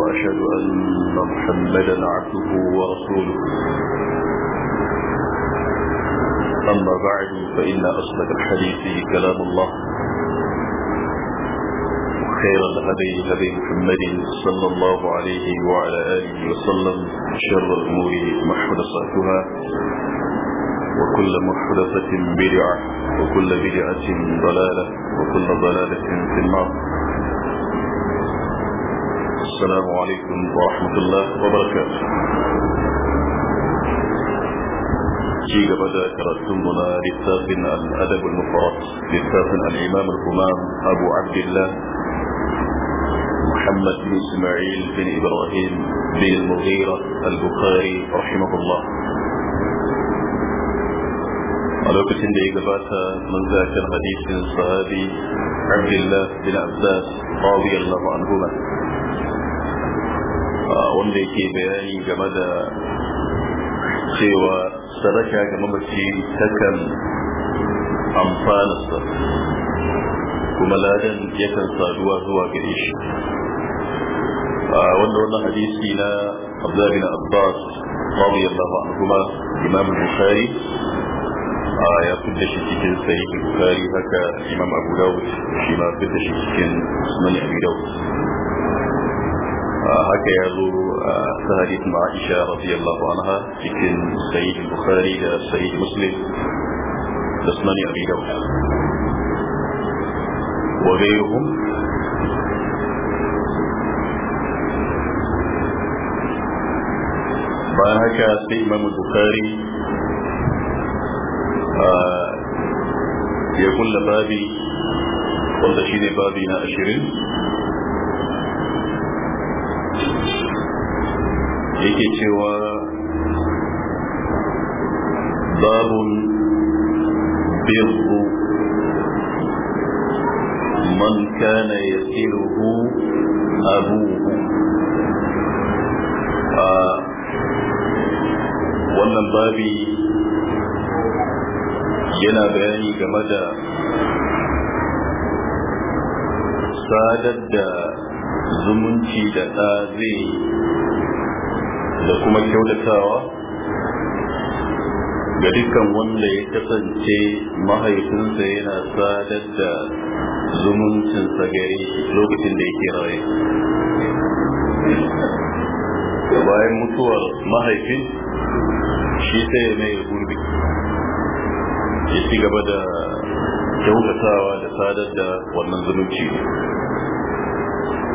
وأشهد أن محمدا عبده ورسوله أما بعد فإن أصدق الحديث كلام الله خير الهدي هدي محمد صلى الله عليه وعلى آله وسلم شر الأمور محدثاتها وكل محدثة بدعة وكل بدعة ضلالة وكل ضلالة في النار والسلام عليكم ورحمة الله وبركاته شيء بدأ كرسمنا لكتاب الأدب المفرط لكتاب الإمام الهمام أبو عبد الله محمد بن إسماعيل بن إبراهيم بن المغيرة البخاري رحمه الله a lokacin da من ذاك الحديث الصحابي عبد الله بن عباس رضي الله عنهما wanda yake bayani game da cewa sadaka ga mamaci takan amfana sa kuma ladan yakan saduwa zuwa gare shi wanda wannan hadisi na Abdullah bin Abbas radiyallahu anhuma Imam Bukhari ya fidda shi cikin sahih Bukhari haka Imam Abu Dawud shi ma fidda shi cikin Sunan Abi Dawud haka ya zo ta hadith ma Aisha radiyallahu anha cikin Sahih Bukhari da Sahih Muslim da Sunani Abi Dawud wa bayhum bayan haka sai Imam Bukhari ya kulla babi wanda shine babi na 20 yake cewa babun birru man kana yasiruhu abuhu a wannan babi yana bayani game da sadar da zumunci da ɗa zai da kuma kyautatawa ga dukkan wanda ya kasance mahaifinsa yana sadar da zumuncinsa gare shi lokacin da yake raye bayan mutuwar mahaifin shi sai ya mai gurbi ya ci gaba da kyautatawa da sadar da wannan zumunci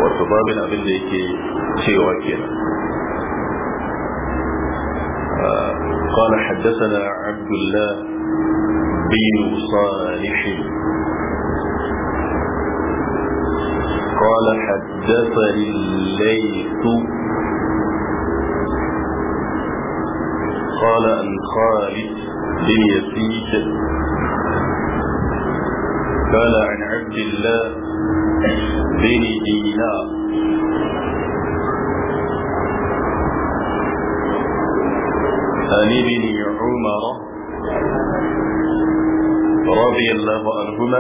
wato babin abin da yake cewa kenan قال حدثنا عبد الله بن صالح قال حدثني الليث قال عن خالد بن يزيد قال عن عبد الله بن دينار عن ابن عمر رضي الله عنهما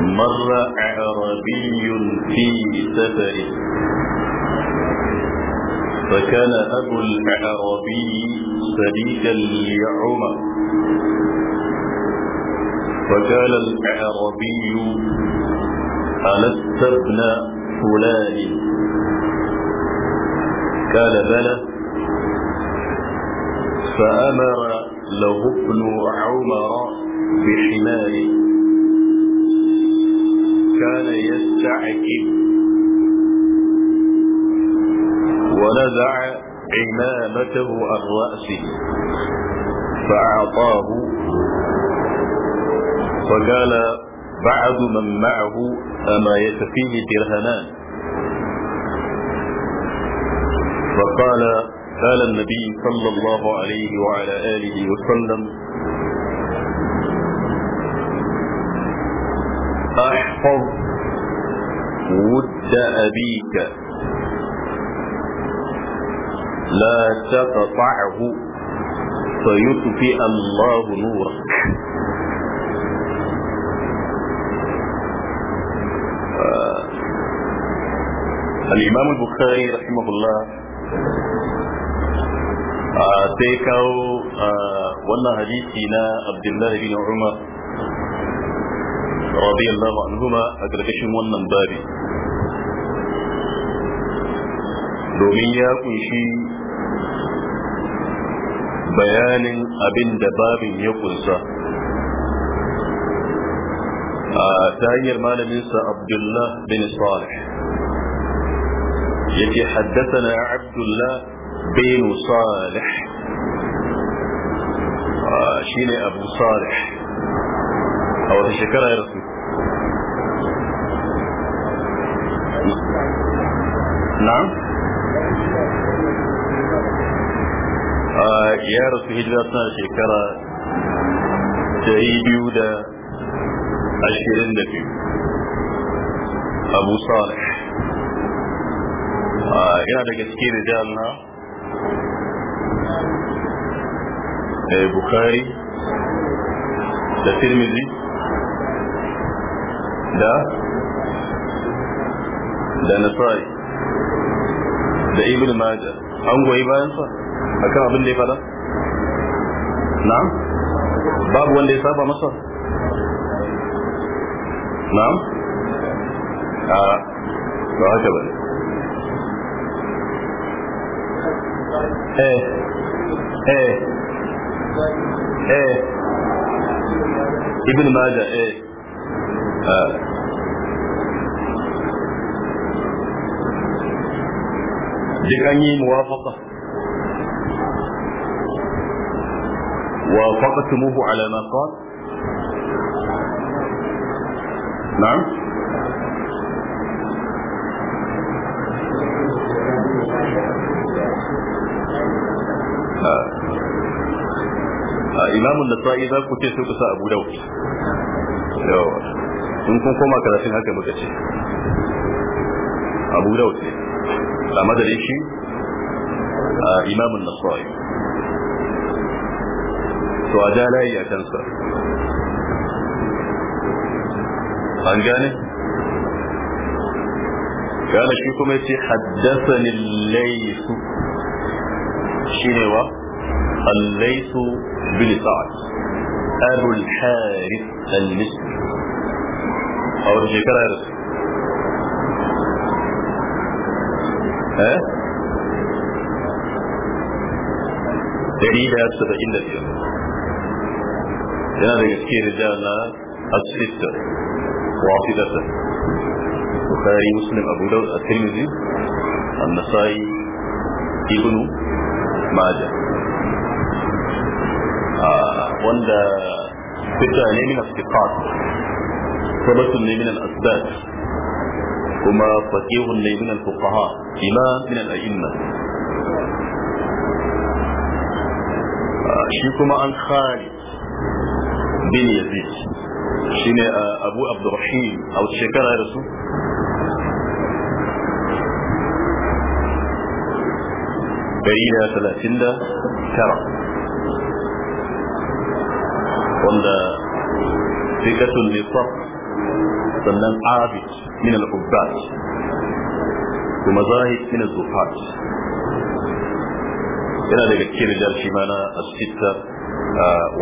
مر أعرابي في سفر فكان أبو الأعرابي صديقا لعمر فقال الأعرابي ألست ابن فلان قال بلى فأمر له ابن عمر بحماره كان يستعكب ونزع عمامته عن رأسه فأعطاه فقال بعض من معه أما يكفيه درهمان فقال قال النبي صلى الله عليه وعلى آله وسلم احفظ ود أبيك لا تقطعه فيطفئ الله نورك آه، الإمام البخاري رحمه الله sai kawo wannan hadisi na abdullahi bin umar radiyallahu anhuma a gargashin wannan babi domin ya kunshi bayanin abin da babin ya kunsa ta hanyar malaminsa Abdullahi bin salih yake haddasa na Abdullahi. بينه صالح آه، شيني ابو صالح او تشكرها يا رسول نعم آه، يا رسول هجرة سنة شكرا سعيد يودا عشرين نبي أبو صالح إنا آه، دقا سكير جالنا Eh, bukhari da tirmidhi da da nasai da ibn majah an goyi bayan sa akan abin da ya fada na'am babu wanda ya saba masa na'am a ba haka ba eh eh ايه ابن ماذا ايه آه. دي موافقة وافقتموه على ما قال نعم آه. imamun da sa'i za ku ce sai ku sa abu dawo yawa kun koma karatun haka muka ce abu dawo ce a madadin shi imamun nasra'i to a ja layi a kansa an gane gane shi kuma ce haddasa lillai laifu. shi ne wa الليث بن سعد أبو الحارث المصري أو شكرا ها دليل سبعين دليل yana daga da rijala as-sitta wa fidata bukhari muslim abu daud at-tirmidhi ibnu wanda fita ne min afiqat sabatun ne min al-asbab kuma faqihun ne min al-fuqaha imam min al-a'imma shi kuma an khalid bin yazid shine abu abdurrahim a wata shekara ya rasu dari da talatin da tara wanda fikatun ne sannan abid min al-ubbat kuma zahid min al-zufat yana daga cikin rijar shi mana a sitta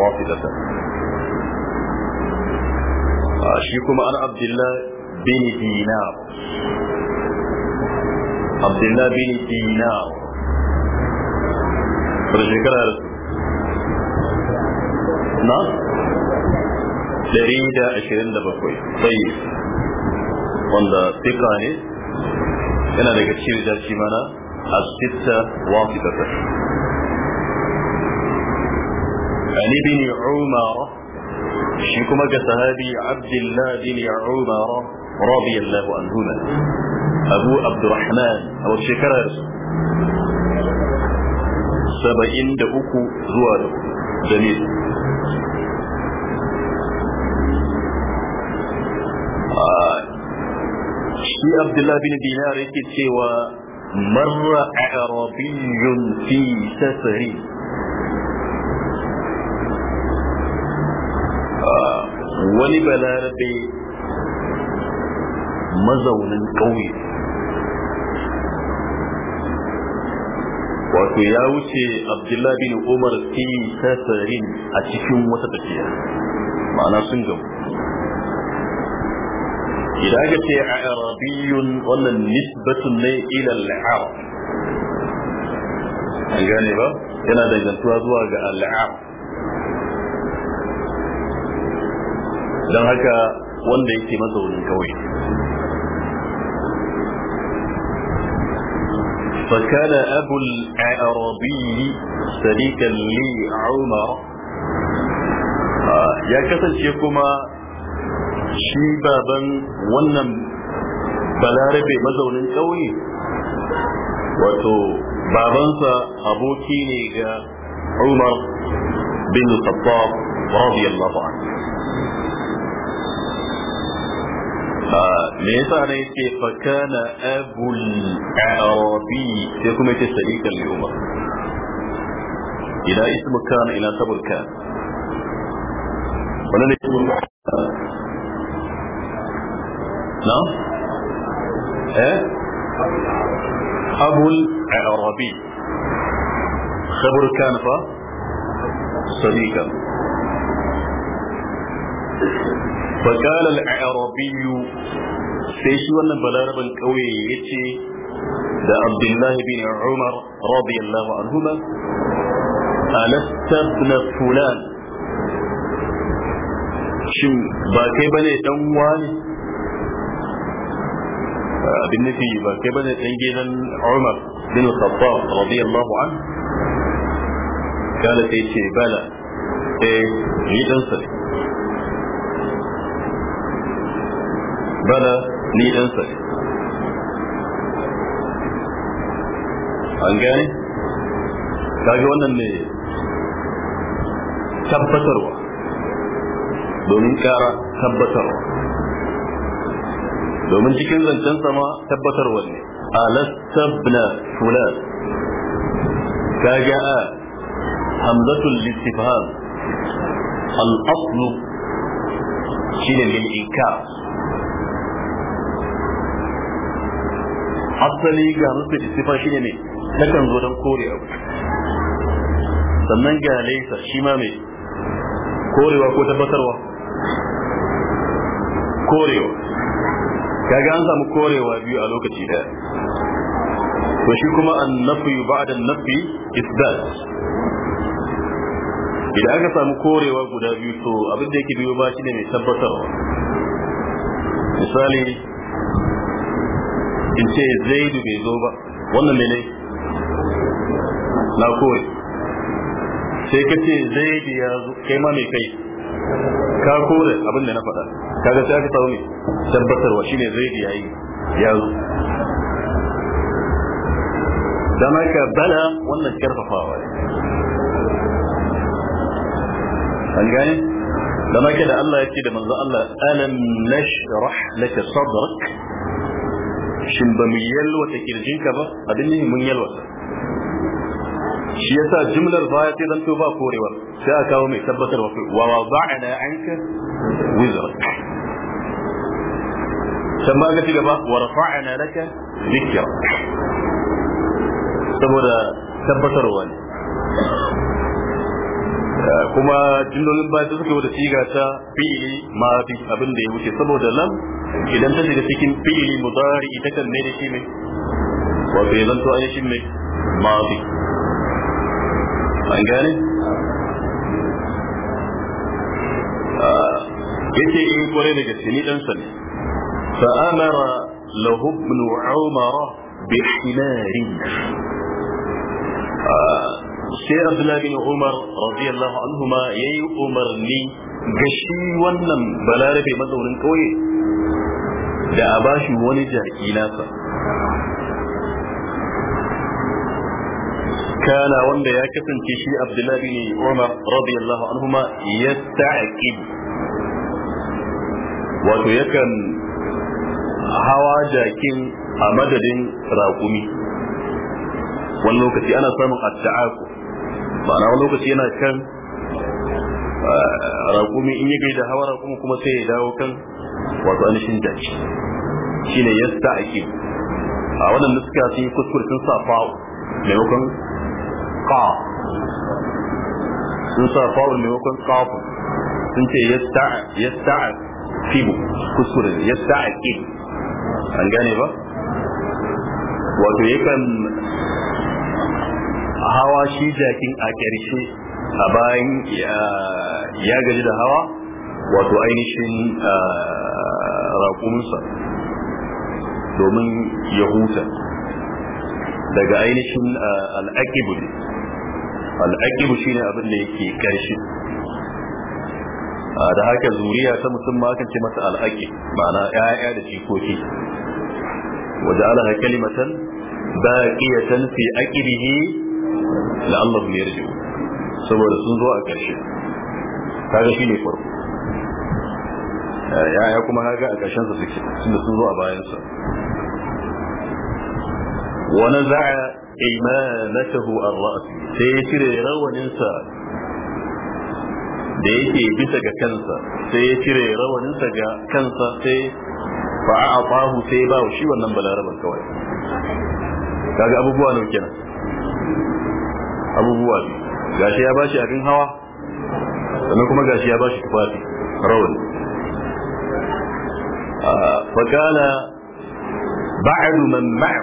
wafidata shi kuma an abdullah bin dinar abdullah bin dinar wanda shekara na 127 sai wanda fika ne yana daga cikin da shi mana a عن ابن عمر شيكما كصحابي عبد الله بن عمر رضي الله عنهما أبو عبد الرحمن أو الشكرة سبعين دقوق زوال جميل shi abdullah bin dinar yake cewa marra arabiyyun fi safari ah, wani balarabe mazaunin ƙauye wato ya wuce Abdullahi bin umar fi safarin a cikin wata tafiya ma'ana sun gamu idan aka ce arabiyun wannan nisbatun ne ila al-arab an gane ba yana dangantuwa zuwa ga al-arab don haka wanda yake mazaunin kawai فكان أبو الأعرابي صديقا لعمر ya kasance kuma shi baban wannan balarabe mazaunin ƙauye wato babansa aboki ne ga umar bin khattab radiyallahu anhu me yasa ne yake fakana abul arabi sai kuma yake sadiqan li umar ila ismu kana ila sabul kana wannan ne na eh abul arabi khabar kan fa sadiqan فقال العربي سيشي وانا بلاربا قوي da Abdullahi bin Umar radiyallahu anhuma alasta ibn fulan shin ba kai bane dan wani بالنسبه لي بس كيف بدنا عمر بن الخطاب رضي الله عنه قالت ايش بلى ايه ليه تنصر بلى ليه تنصر انجاني كاجي أن اللي تبتروا دون كارا تبتروا domin cikin zancen sama tabbatarwa ne alastabna fulan ka ja'a hamzatul istifham al-aslu shine lil inkar asali ga hamzatul istifham shine ne takan zo don kore abu sannan ga laisa shi ma mai korewa ko tabbatarwa korewa kaga an samu korewa biyu a lokaci daya to shi kuma an nafi ba'da nafi isdat idan aka samu korewa guda biyu to abin da yake biyo ba shi ne mai tabbatarwa misali in ce zaidu bai zo ba wannan mene na kore sai ka ce zaidu ya zo kai ma mai kai ka kore abin da na faɗa kaga sai aka samu ne tabbatarwa shine zai yi yayi yanzu zo dan haka bala wannan karfafawa ne an gane dan haka da Allah yake da manzo Allah alam nashrah laka sadrak shin ba mu yalwa yalwata kirjinka ba abin ne mun yalwa shi yasa jumlar baya zan to ba korewa sai aka kawo mai tabbatar wa wa za'ana anka wizrak can ba ga gaba wa rafa'ana laka dhikra saboda tabbatarwa ne kuma jimlolin baya ta suka wata siga ta fi'ili mafi abin da ya wuce saboda lam idan ta shiga cikin fi'ili mudari ita kan mai da shi ne wato ya zanto an shi ne mafi an gane yace in eh, kore da gaske ni dan sani فأمر له ابن عمر بحمار سير آه، عبد الله بن عمر رضي الله عنهما يي عمر لي غشي ونم بلا ربي مزورن كوي دا أباشي ونجا إلافا كان وندا يا كفن كشي عبد الله بن عمر رضي الله عنهما يتعكب وتو hawa jakin a madadin raƙumi wani lokaci ana samun atta'aku ma'ana wani lokaci yana kan eh, raƙumi in yi gai da hawa raƙumi kuma sai ya dawo kan wato ainihin jaki shine yasta ake a wannan nuska sun yi kuskure sun sa fa'u maimakon ka sun sa fa'u maimakon kafu sun ce yasta yasta fibu kuskure yasta ake an gane ba wato yakan hawa shi jakin a ƙarshe a bayan ya gaji da hawa wato ainihin raƙuminsa domin ya huta daga ainihin al'akibu ne al'akibu shi ne abin da yake ƙarshe da haka zuriya ta mutum ma kan ce masa al'aƙi ma'ana 'ya'ya da jikoki وجعلها كلمة باقية في أكله لعلهم يرجعون saboda sun zo a ƙarshe kaga shi ne farko yaya kuma kaga a ƙarshen sa suke tunda sun zo a bayansa sai ya cire da yake bisa ga kansa sai ya cire rawaninsa ga kansa sai fa a fahu sai ba shi wannan balaraban kawai kaga abubuwa nau kenan abubuwa gashi ya bashi abin hawa sannan kuma gashi ya bashi tufafi rawan fa kana ba'du man ma'a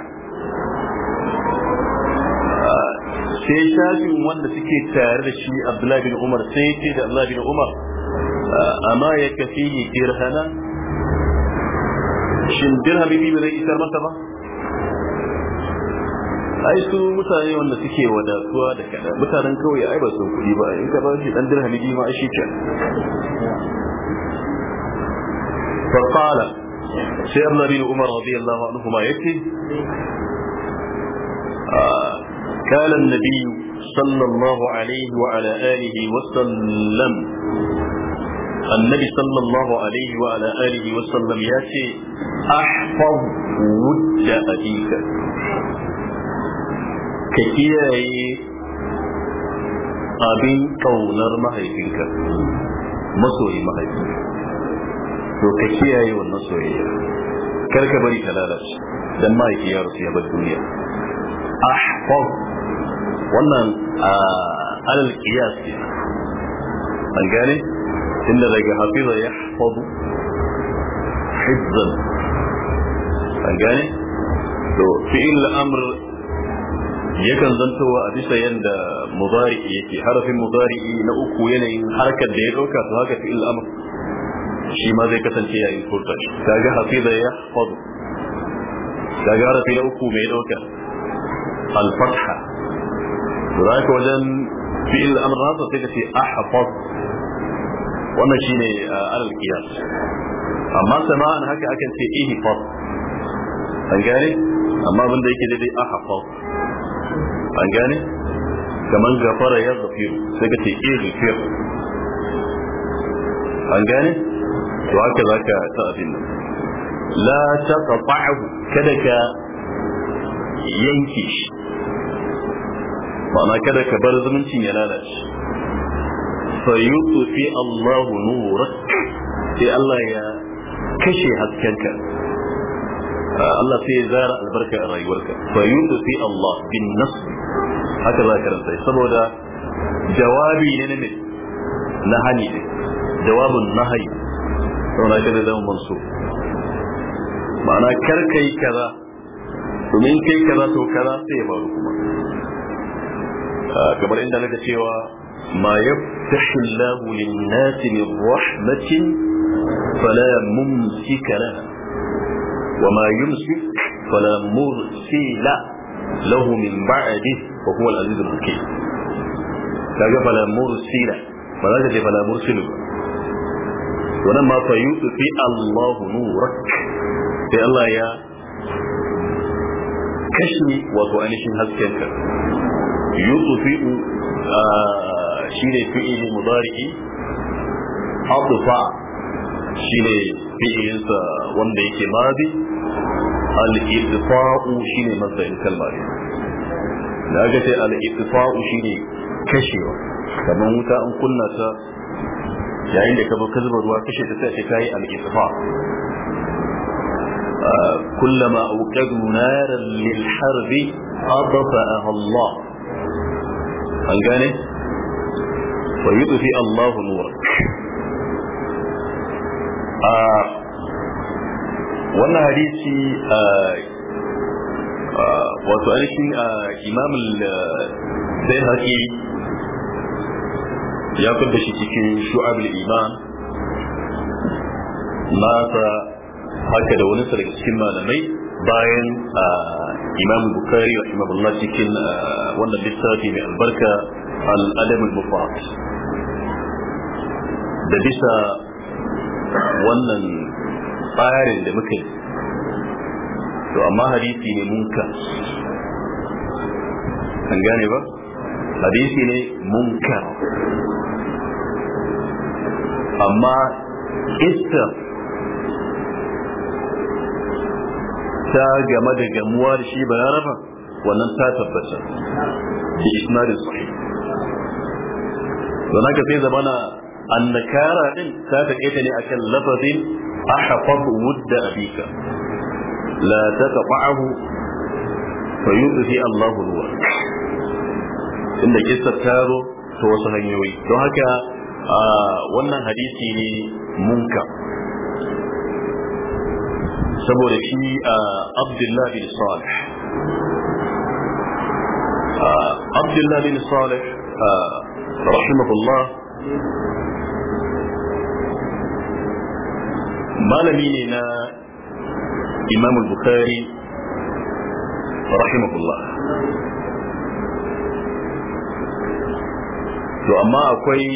sai shafin wanda suke tare da shi abdullahi bin umar sai ce da abdullahi bin umar amma ya kafi dirhana shin dirhami biyu ba zai isar masa ba ai su mutane wanda suke wadatuwa da kada mutanen kawai ai ba su kuɗi ba in ka ba shi dan dirhami biyu ma shi ke fa qala sai annabi Umar radiyallahu anhu ma yake قال النبي صلى الله عليه وعلى آله وسلم النبي صلى الله عليه وعلى آله وسلم ياتي ahfaz wudda abika ka kiyaye abin kaunar mahaifinka masoyi to ka kiyaye wannan soyayya kar ka bari ta lalace dan mahaifi ya rasu ya bar duniya ahfaz wannan alal qiyas an gane inda daga hafiza yahfazu hizzan an gane to fi'il amr yakan zantowa a bisa yanda mudari'i yake harafin mudari'i na uku yanayin harkar da ya dauka to haka fi'il amr shi ma zai kasance yayin furta shi kaga hafiza ya fadu kaga harafi na uku mai dauka al-fatha zaka wajen fi'il amr nasa sai ka ce ahfaz wannan shine alal qiyas amma sama'an haka akan ce ihfaz an gane amma abin da yake daidai a hafal an gane kamar gafara ya zafi sai ka ce iya eh, zafiru an gane to haka za ka ta abin nan la ta tsatsa'ahu kada ka yanke shi ma'ana kada ka bar zumuncin ya lalace fayutu fi Allahu nurak sai Allah ya kashe haskenka Allah sai ya zara albarka a rayuwarka fa yundu fi Allah bin nasr haka za ka rantsa saboda jawabi ne ne na hani ne jawabin nahi saboda haka zai zama mansu ma'ana kar kai kaza domin kai kaza to kaza sai ya faru kuma ah, kamar inda naka cewa ma yaftahu Allah lin-nasi min rahmatin fala mumsika laha وما يمسك فلا مرسل له من بعده وهو العزيز الحكيم kaga fala mursila ba za ka ce fala mursilu wannan ma fa yufi Allahu nurak sai Allah ya kashi wato ainihin haskenka yufi shine fi'ili mudari'i adufa shine fi'ilinsa wanda yake madi الاطفاء شيني مصدر الكلمة لا جتي الاطفاء شيني كشي كما متى ان قلنا سا جاين لك ابو كذب روا كشي تساتي كاي الاطفاء آه، كلما اوقدوا نارا للحرب اطفاها الله فالجاني ويطفئ الله نورك آه wannan hadisi wato aniki a zai haƙi ya fidda shi cikin shu'ab iman nasa haka da wani sarki cikin malamai bayan imam bukari wa imam Allah cikin wannan littafi mai albarka al'adam al-mufat da bisa wannan barin da muka yi to amma hadisi ne munka an gane ba hadisi ne munka amma ista ta game da gamuwa da shi ba ya raba? wannan ta tabbata shi isnadin sahih don haka sai zamana annakara din ta taƙaita ne akan lafazin أحفظ ود أبيك لا تقطعه فيطفئ الله ruwa inda kissa ta zo ta wasu hanyoyi don haka wannan hadisi ne munka saboda shi abdullahi bin salih abdullahi bin salih malami ne na imam bukhari rahimahullah to amma akwai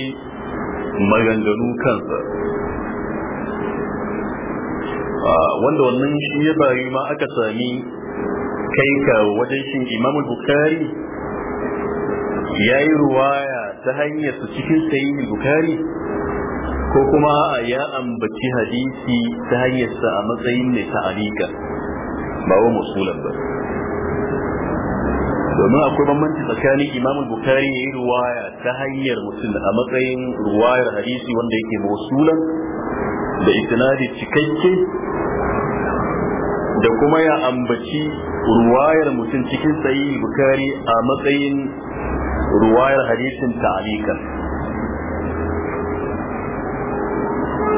maganganu kansa ah, wanda wannan shi ya bayu ma aka sami kai ka wajen shi imam bukhari ya yi ruwaya ta hanyar su cikin sayi bukari ko kuma ya ambaci hadisi ta hanyarsa a matsayin mai ta'alika ba wa musulan ba domin akwai bambanci tsakanin imam bukari ya yi ruwaya ta hanyar mutum, a matsayin ruwayar hadisi wanda yake musulan da itinadi cikakke da kuma ya ambaci ruwayar mutum cikin sayi bukari a matsayin ruwayar hadisin ta'alika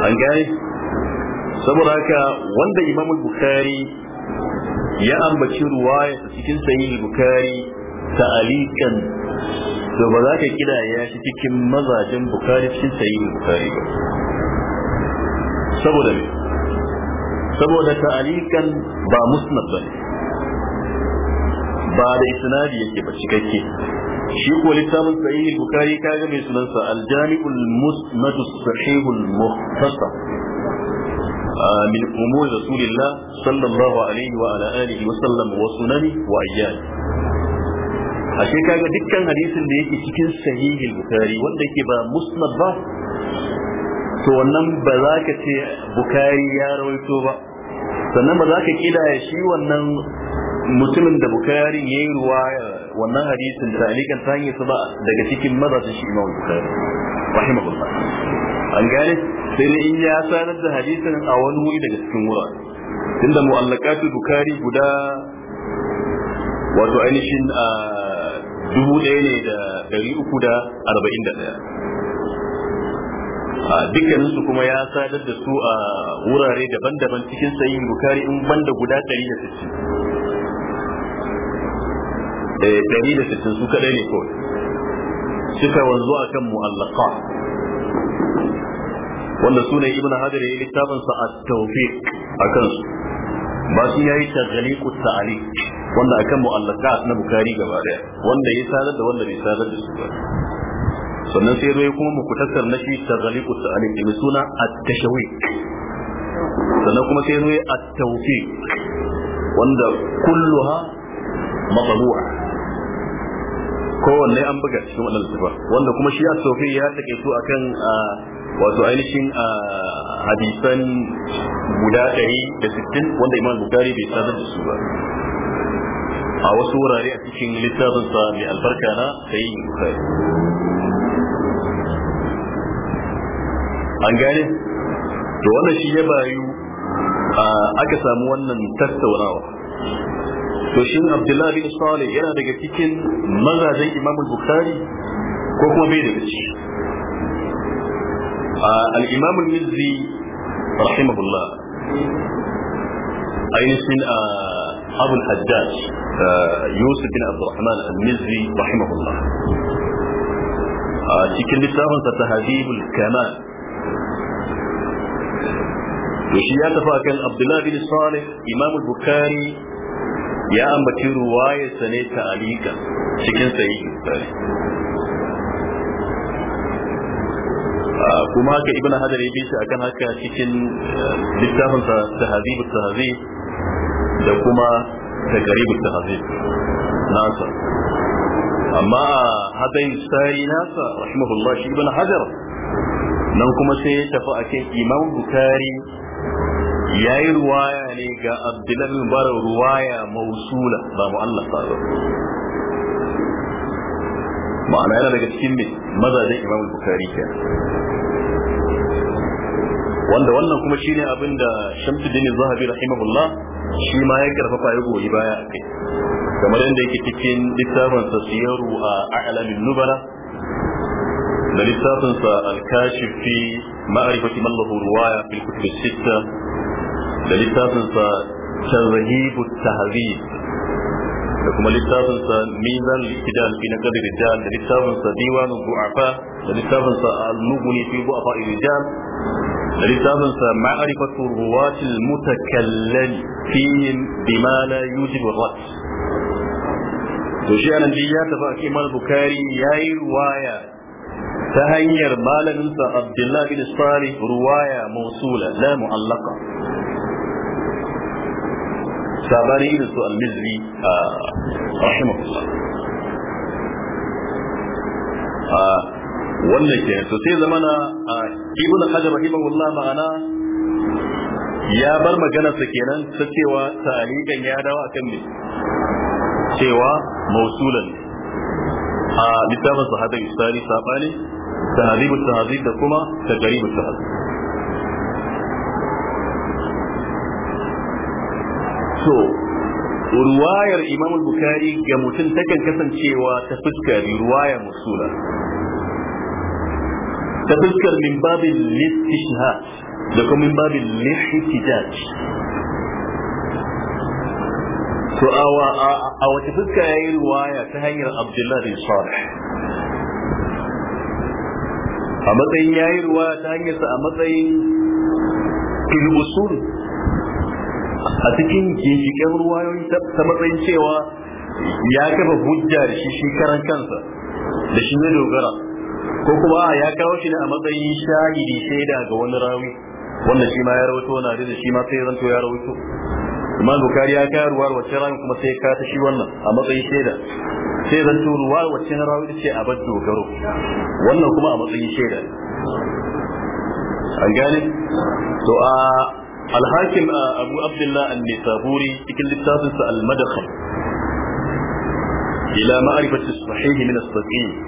an gane saboda haka wanda imam bukhari ya ambaci ruwaya cikin sahih bukhari ta'alikan to ba za ka kira ya shi cikin mazajen bukari cikin sayin bukari ba saboda ne saboda ta'alikan ba musnad ba ne ba da isnadi yake ba cikakke shi ko littafin sahih bukari bukhari kaga mai sunansa al-jami'ul musnad as-sahih al-mukhtasar من أمور رسول الله صلى wa عليه wa sunani وسلم وسننه وأيامه ashe kaga dukkan hadisin da yake cikin sahihul bukari wanda yake ba musnad ba to wannan ba za ka ce bukari ya rawaito ba sannan ba za ka kidaya shi wannan mutumin da bukari ya yi ruwaya wannan hadisin da alikan ta hanyar sa ba daga cikin mazajin shi Imam Bukhari rahimahullah an gane sai ne in ya sanar da hadisin a wani wuri daga cikin wurare tunda mu'allaqatul Bukhari guda wato ainihin a dubu ɗaya ne da ɗari uku da arba'in da ɗaya A dukkaninsu kuma ya sadar da su a wurare daban-daban cikin sayin bukari in banda guda ɗari da sittin 160 eh, su kadai ne kawai suka wanzu a kan mu'allaka wanda su ne ibn hajar ya yi littafinsa a tawfiq a kansu ba su ya yi tagaliku ta'ali wanda akan mu'allaka na bukari gaba daya wanda ya sadar da wanda bai sadar da su ba sannan sai zai kuma mukutasar na shi tagaliku ta'ali mai suna at-tashawi sannan kuma sai zai at-tawfiq wanda kulluha matsaluwa kowanne an buga cikin wannan sifa wanda kuma shi a sofi ya take su akan wato ainihin hadisan guda ɗari da sittin wanda imam bukari bai sadar da su ba a wasu wurare a cikin littafinsa mai albarka na sai bukari an gane to wannan shi ya bayu aka samu wannan tattaunawa to shin abdullahi bin salih yana daga cikin mazajen imam bukhari ko kuma bai daga ciki al-imam al-mizzi rahimahullah ainihin abu al-hajjaj yusuf bin abdurrahman al-mizzi rahimahullah cikin littafin sa tahdibul kamal to shi ya tafi akan abdullahi bin salih imam al-bukhari ya ambaci ruwaya sane ta alika cikin sayi kuma haka ibn hajar ya bi shi akan haka cikin eh, littafin sa tahzib tahzib da kuma ta takarib tahzib nasa amma hadai sai nasa rahimahullah shi ibn hajar nan kuma sai ya tafi akan imam bukari yayi ruwaya ne ga Abdullah bar ruwaya mausula ba mu Allah ba ma'ana yana daga cikin ne mazajen Imam Bukhari ke wanda wannan kuma shine abin da Shamsuddin Zahabi rahimahullah shi ma ya karfafa ya goyi baya a kai kamar yadda yake cikin littafin sa siyaru a a'lamin nubala da littafin sa al-kashif fi ma'rifati man lahu ruwaya fil kutub sittah da littafinsa tarhibu tahzib da kuma littafinsa mizan al-iktidal fi naqd rijal da littafinsa diwan du'afa da littafinsa al-mughni fi du'afa rijal da littafinsa ma'rifatu ruwat al-mutakallim fihim bima la yujibu rad to shi anan ya tafi a kimar bukari yayi ruwaya ta hanyar malaminsa abdullahi bin salih ruwaya mausula la mu'allaqa sabanin irin su al-mizri a rahimahullah wannan ke to sai zamana a ibn hajar rahimahullah ma'ana ya bar maganarsa kenan ta cewa talikan ya dawo akan me cewa mausulan a littafin sahabai sari sabani tahzibu tahzib da kuma tajribu tahzib to ruwayar imam bukari ga mutum takan kasancewa ta fuskar ruwaya musula ta fuskar min babin listishhad da kuma min babin lihtijaj to a wace fuska ya yi ruwaya ta hanyar abdullahi bin salih a matsayin ya yi ruwaya ta hanyar sa a matsayin fil a cikin ginshiƙen yau ta matsayin cewa ya kafa hujja da shi shi karan kansa da shi ne dogara ko kuma ya kawo shi ne a matsayin shahidi shaida ga wani rawi wanda shi ma ya rawaito na, da shi ma sai ya zanto ya rawaito amma bukari ya kawo ruwa wacce rawi kuma sai ya ta shi wannan a matsayin shaida sai ya zanto ruwa wacce rawi ce a bar dogaro wannan kuma a matsayin shaida an gane to a الحاكم آه، أبو عبد الله النسابوري يكل سال المدخل إلى معرفة الصحيح من الصحيح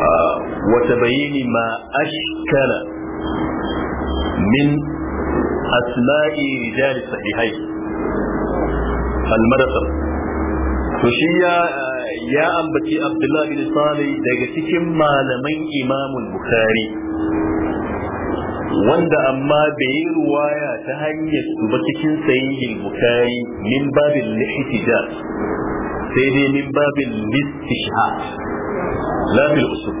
آه، وتبين ما أشكل من أسماء رجال الصحيحين المدخل فشيا يا أبتي آه، عبد الله بن صالح دقتكم ما لمن إمام البخاري wanda amma bai yi ruwaya ta hanyar su ba cikin sayin bukari min babin lihtija sai dai min babin listisha lafil usul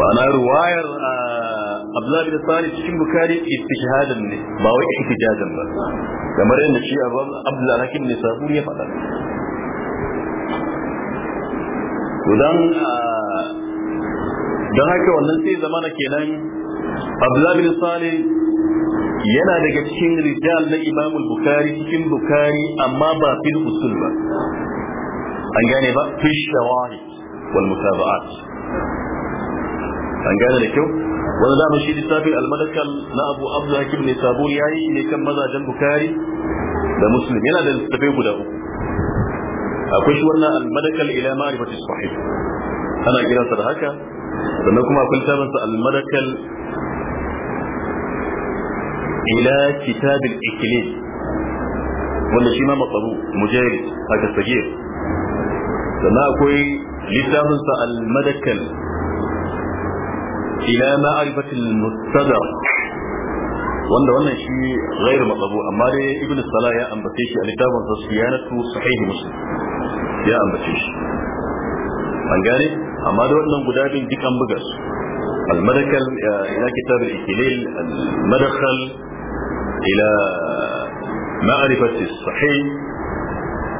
ma'ana ruwayar a abdullahi da Sani cikin bukari istishhadan ne ba wai ihtijajan ba kamar yadda shi abdullahi hakim ne sabu ya faɗa don don haka wannan sai zamana kenan abdullahi bin yana daga cikin rijal na imam bukhari cikin bukhari amma ba fil usul ba an gane ba fi shawahi wal mutaba'at an gane da kyau wanda dama shi lissafi almadakal na abu abdu hakim ne sabur yayi ne kan mazajen bukhari da muslim yana da littafai guda uku akwai shi wannan almadakal ila ma'rifati sahih ana kiransa da haka sannan kuma akwai littafin sa almadakal ila kitabil ikilin wanda shi ma matsaru mujeri a kasagiyar sannan akwai littafinsa al-madakkal ila ma'arifatil mustadrak wanda wannan shi zair matsabu amma dai ibn Sala ya ambace shi a littafin sa siyanatu sahih muslim ya ambace shi an gane amma da wannan guda bin dukan bugas المدخل الى كتاب al المدخل الى معرفة الصحيح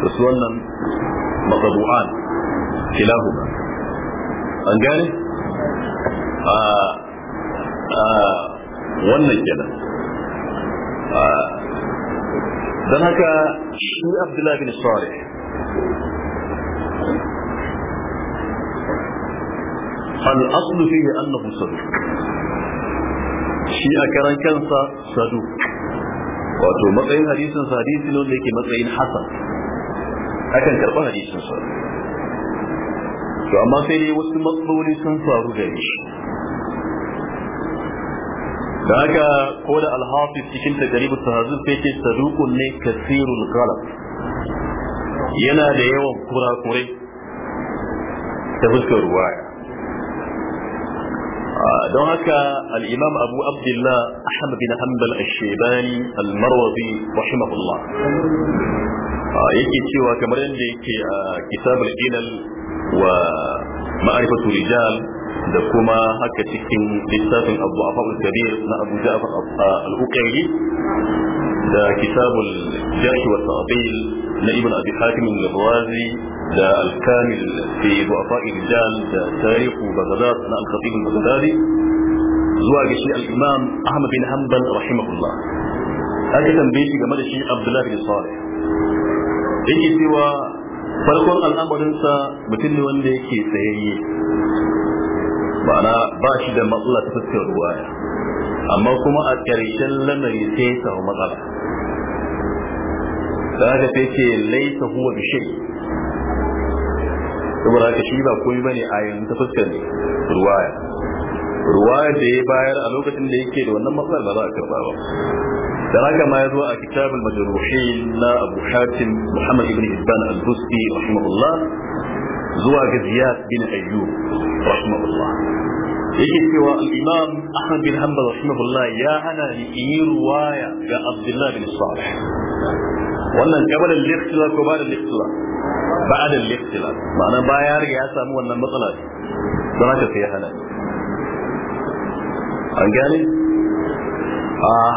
رسولنا مطبوعان كلاهما ان قال آه آه وانا الجنة آه دنك شو عبد الله بن الصالح الاصل فيه انه صدوق شيء كان كان صدوق wato matsayin hadisin sa hadisi ne wanda yake matsayin hasan akan karɓi hadisin sa to amma sai dai wasu matsaloli sun faru da shi da haka ko da alhafiz cikin tajribu tahazuz sai ce saduƙun ne kasirul ghalat yana da yawan kurakurai ta fuskar ruwaya don haka alimam abu abdullah ahmad bin hanbal ash-shaybani al-marwazi rahimahullah yake cewa kamar yadda yake a kitab al wa ma'rifatu rijal da kuma haka cikin littafin abu afa'ul kabir na abu ja'far al-uqayli da kitabul jarh wa ta'dil na ibn abi hatim al-razi da al-kamil fi du'afa rijal da tarikh baghdad na al-khatib al-baghdadi zuwa ga shi al-imam ahmad bin hanbal rahimahullah aka tambaye shi game da shi abdullahi bin salih yake cewa farkon al'amarinsa mutum ne wanda yake tsayayye ma'ana ba shi da matsala ta fuskar ruwaya amma kuma a ƙarshen lamari sai ya samu matsala da aka sai ce laisa huwa bi shay saboda haka shi ba komai bane a yanzu ta fuskar ne ruwaya ruwaya da ya bayar a lokacin da yake da wannan matsalar ba za a karba ba da haka ma ya a kitabul majruhin na Abu Hatim Muhammad ibn Hibban al-Busti rahimahullah zuwa ga Ziyad bin Ayyub rahimahullah yake cewa al-imam ahmad bin hanbal rahimahullah ya hana ni in yi ruwaya ga abdullah bin salih wannan kabal al-ikhtilaf ko ba da al-ikhtilaf ba da al-ikhtilaf ma'ana bayan riga ya samu wannan matsala don haka sai ya hana an gane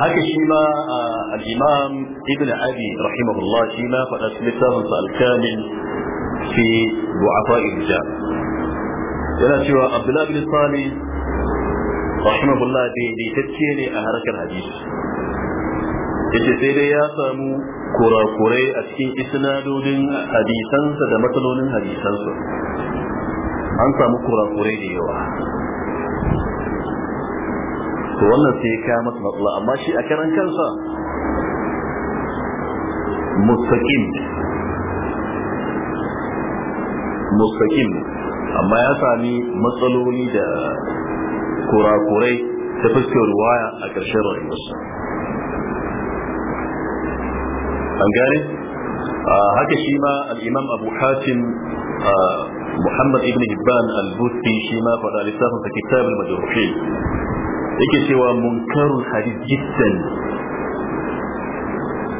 haka shi ma al-imam ibn abi rahimahullah shi ma faɗa cikin littafinsa al-kamil fi du'afa irja yana cewa abdullahi bin sali rahimahullah daidaitacce ne a harkar hadisi yace sai dai ya samu kurakurai a cikin isnadodin hadisansa da matsalolin hadisansa an samu kurakurai da yawa to wannan sai ya kaya masa matsala amma shi a karan kansa mustaqim mustaqim amma ya sami matsaloli da kurakurai ta fuskar ruwaya a ƙarshen rayuwarsa an gane haka shi ma al'imam abu hatim muhammad ibn hibban al-busti shi ma faɗa lissafin sa kitabul majruhi yake cewa munkarul hadith jiddan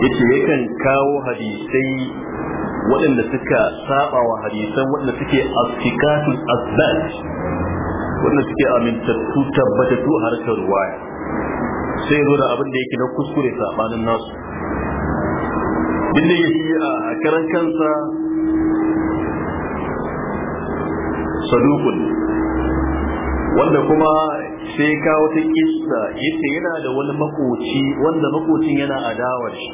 yace yakan kawo hadisai waɗanda suka saba wa hadisan waɗanda suke asfikatul asbat wanda suke amintattu tabbatattu a harkar ruwaya sai nuna abin da yake na kuskure sabanin nasu inda ya shi a karan kansa sadukun wanda kuma sai kawo ta kista yadda yana da wani makoci wanda makocin yana adawar shi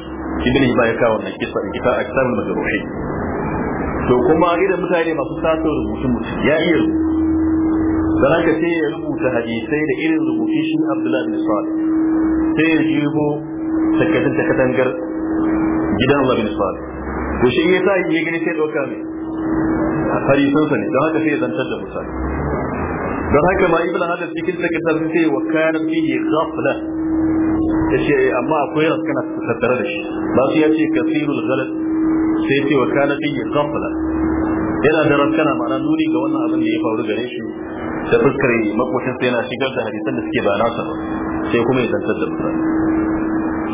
ibn ba ya kawo wannan kista da kita aksar majruhi to kuma idan mutane masu sasa rubutun mutum ya iya rubutu dan ka sai ya rubuta hadisai da irin rubutu shi Abdullahi bin Salih sai ya jibo takardun takadangar gidan Allah bin Salih to shi ya sai ya gani sai doka ne hadisan sa ne dan haka sai ya zantar da mutane dan haka ma ibn Hajar cikin takardar sai wa ya fihi ghafla yace eh, amma akwai raskana tattare da shi ba su yace kasirul ghalat sai ya ce wa kana fihi ghafla yana da raskana ma'ana nuni ga wannan abin da ya faru gare shi da fuskar sai yana shigar da hadisan da suke ba nasa ba sai kuma ya zantar da mutane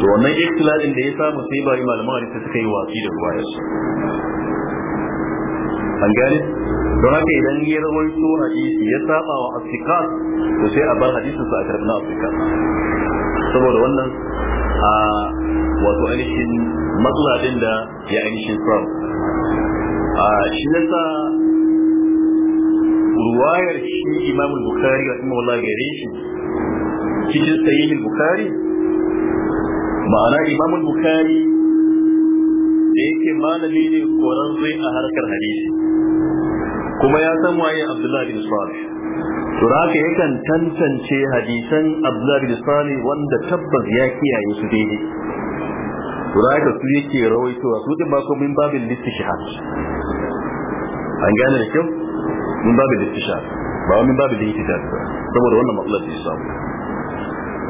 to wannan ikhtilalin da ya samu sai ba malaman hadisi suka yi watsi da ruwayar su an gane don haka idan ya rawaito hadisi ya saba wa asikat to sai a bar hadisin su a karɓi asikat saboda wannan a wato ainihin matsala din da ya ainihin samu shi yasa ruwayar shi imam bukhari wa kuma wallahi gare shi cikin sahih bukhari ma'ana imam bukhari da yake malami ne zai a harkar hadisi kuma ya san waye abdullahi bin salih to haka yakan tantance hadisan abdullahi bin salih wanda tabbas ya kiyaye su daidai to haka su yake rawaitowa su din ba ko min babin listi shahad an gane da kyau mun babu da istishar ba mun babu da ihtidas saboda wannan matsalar da ya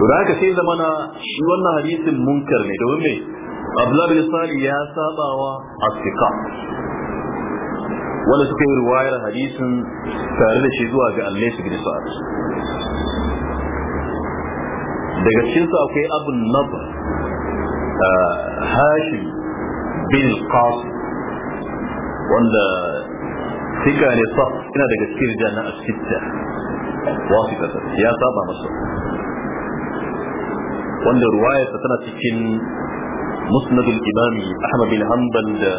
to da haka sai zamana shi wannan hadisin munkar ne domin me abla bin Sali ya sabawa asika wanda suka yi riwayar hadisin tare da shi zuwa ga Allah su bin daga cikin su akwai abun nadr Hashim bin Qasim wanda siga ne saf ina daga cikin rijal na asitta wasiqa ya saba masa wanda ruwayarsa tana cikin musnad al-imam Ahmad bin Hanbal da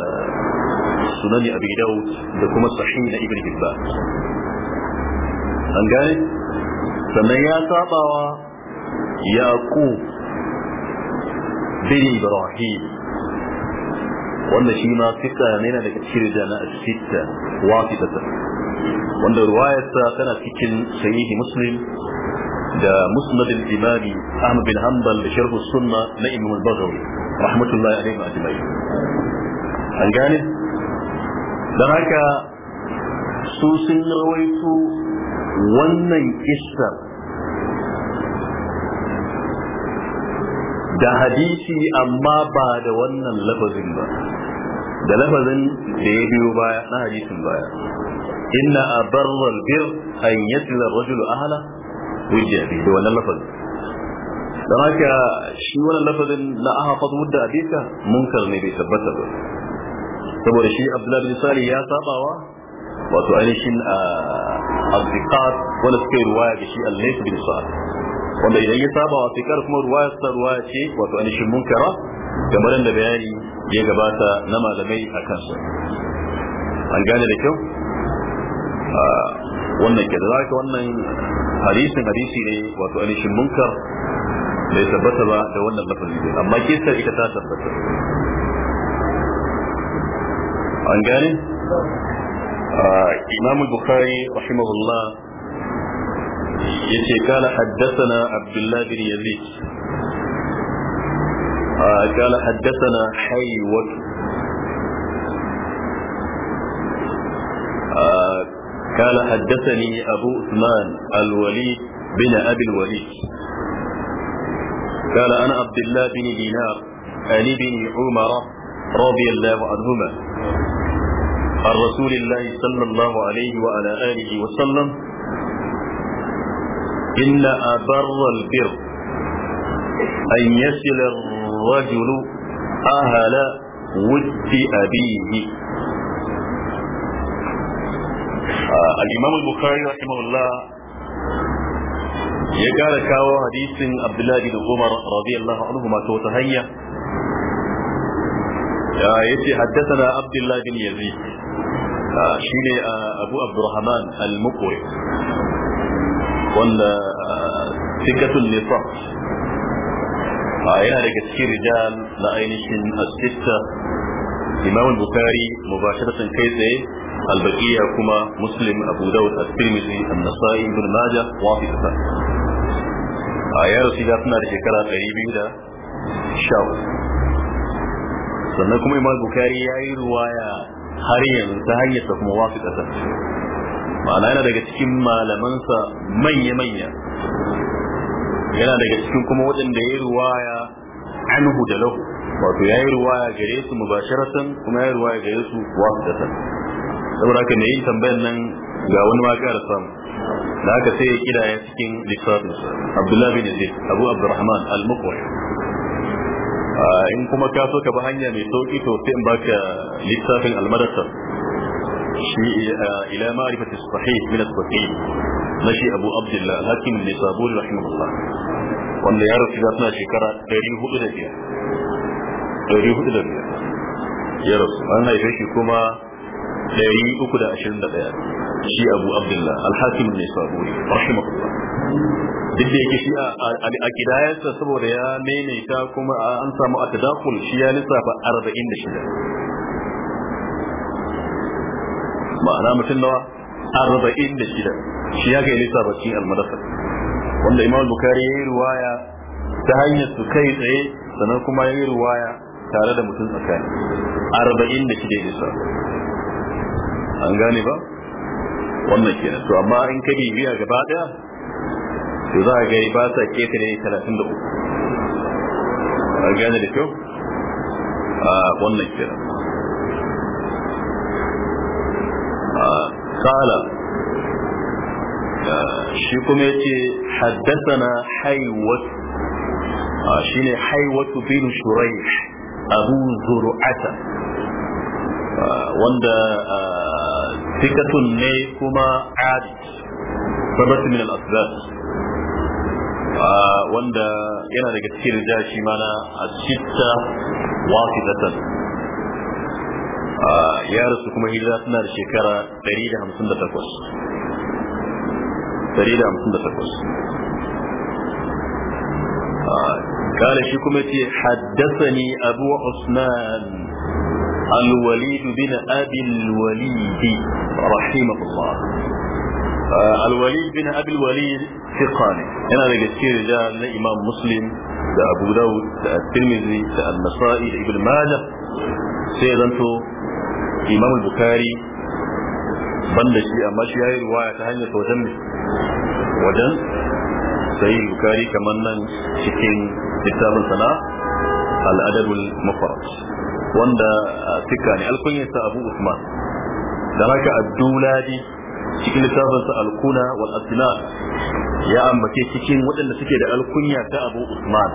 sunani Abi Dawud da kuma sahih na Ibn Hibban an gane sannan ya sabawa Yaqub bin Ibrahim wanda shi ma fika ne na daga cikin da na sitta wasitata wanda ruwayarsa tana cikin sahihi muslim da musnad al-imam Ahmad bin Hanbal da sharh sunna na Imam al-Baghawi rahmatullahi alaihi ajma'in an gane dan haka su sun rawaito wannan kissa da hadisi amma ba da wannan lafazin ba da lafazin da ya biyo baya na hadisin baya inna abarral bir an yasila rajulu ahla wujja bi da wannan lafazin don haka shi wannan lafazin na aha fadu mudda abika munkar ne bai tabbata ba saboda shi abdullahi bin salih ya sabawa wato ainihin abdiqat wanda suka yi ruwaya da shi al-layth bin sa'ad wanda idan ya saba sai fikar kuma ruwaya sa ruwaya ce wato ainihin munkara kamar da bayani ya gabata na malamai a kansu an gane da kyau wannan ke da zaka wannan hadisin hadisi ne wato ainihin munkar bai tabbata ba da wannan lafazi ne amma kisar ita ta tabbata an gane imam bukhari rahimahullah yace kana haddathana abdullah bin yazid آه، قال حدثنا حيوة آه، قال حدثني أبو عثمان الوليد بن أبي الوليد قال أنا عبد الله بن دينار عن ابن عمر رضي الله عنهما عن رسول الله صلى الله عليه وعلى آله وسلم إن أبر البر أن يصل الرجل أهل ود أبيه آه، الإمام البخاري رحمه الله يقال كاو حديث عبد الله بن عمر رضي الله عنهما توتهيا آه، يأتي حدثنا عبد الله بن يزيد آه، شيني أبو عبد الرحمن المقري وأن سكة النصاب yana daga cikin rijal na ainihin asitta imam bukari mubasharatan kai tsaye albaqiya kuma muslim abu daud at-tirmidhi an-nasa'i ibn majah wa fi a yaro shi da suna da shekara 210 sannan kuma imam bukari yayi ruwaya har yanzu ta hanyar ta kuma wasu ƙasar ma'ana yana daga cikin malamansa manya-manya yana daga cikin kuma waɗanda ya ruwaya anhu da lahu wato ya yi ruwaya gare su mubasharatan kuma ya yi ruwaya gare su wasatan saboda haka mai yin tambayar nan ga wani ma ƙara da haka sai ya kira ya cikin lissafin abdullahi bin zaid abu abdurrahman al-muqwai in kuma ka so ka bi hanya mai sauki to sai in baka lissafin al-madrasa shi eh, ila ma'rifati sahih min as-sahih na shi abu abdullah al-hakim ne saburi rahimahullah wanda ya rasu tana shekara 405 405 ya rasu an haife shi kuma 321 shi abu abdullah al-hakim ne saburi rahimahullah duk da yake shi a kidayarsa saboda ya maimaita kuma an samu a tadakul shi ya lissafa 46 ma'ana mutum nawa arba'in da shida shi ya ga lissa baki almadasa wanda imam bukari ya yi ruwaya ta hanyar su kai tsaye sannan kuma ya yi ruwaya tare da mutum tsakani arba'in da shida lissa an gane ba wannan ke to amma in ka bibiya gaba daya to za a gani ba sa ke talatin da uku gane da kyau a wannan kenan qala shi kuma yace haddathana haywat shine haywat bin shurayh abu zur'ata wanda sikatun ne kuma adi sabat min al-asbab wanda yana daga cikin jashi mana a citta wasitatan ya rasu kuma hijira tana da shekara 158 قال شي كما حدثني أبو عثمان الوليد بن أبي الوليد رحمه الله آه، الوليد بن أبي الوليد ثقاني أنا لقيت رجال الإمام مسلم أبو داود الترمذي النصائي ابن ماجه سيدنتو imam bukari banda shi amma shi yayi ruwaya ta hanyar wajen ne wajen sai bukari kamar nan cikin littafin sana al'adabul mafarad wanda tika ah, ne alkunyarsa abu usman da haka abduladi cikin littafinsa alkuna wal asnan ya ambace cikin waɗanda suke da alkunya ta abu usman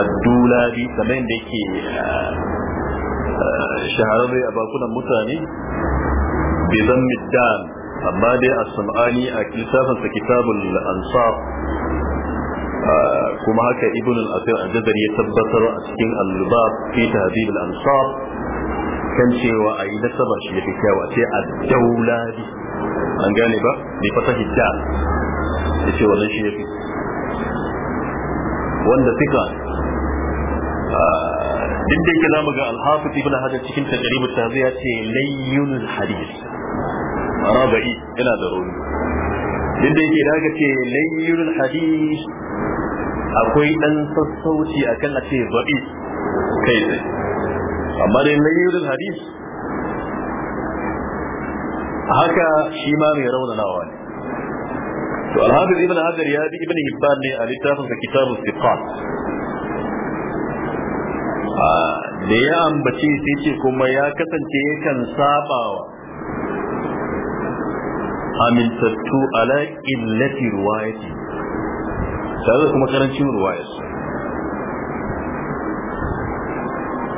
abduladi kamar yadda yake ah, shahararre a bakunan mutane bi zammi amma dai a sam'ani a littafinsa kitabul ansar kuma haka ibn al-asir al-jazari ya tabbatar a cikin al-lubab fi tahdhib al-ansar kan cewa a yi nasaba shi yafi kyawa ce a an gane ba bi fatahi da ya ce wannan shi fi. wanda fika duk da yake zamu ga al-hafiz ibn hajar cikin tajribu ta zai ce layyunul hadith rabai ina da rauni duk da yake da ce layyunul hadith akwai dan sassauci akan a ce ba'i kai sai amma dai layyunul hadith haka shi ma mai raunanawa ne to al-hafiz ibn hajar ya bi ibn hibban ne a littafin sa kitabus siqat da ya ambaci sai ce kuma ya kasance yakan sabawa tattu ala illati ruwayati tare kuma karancin ruwayarsu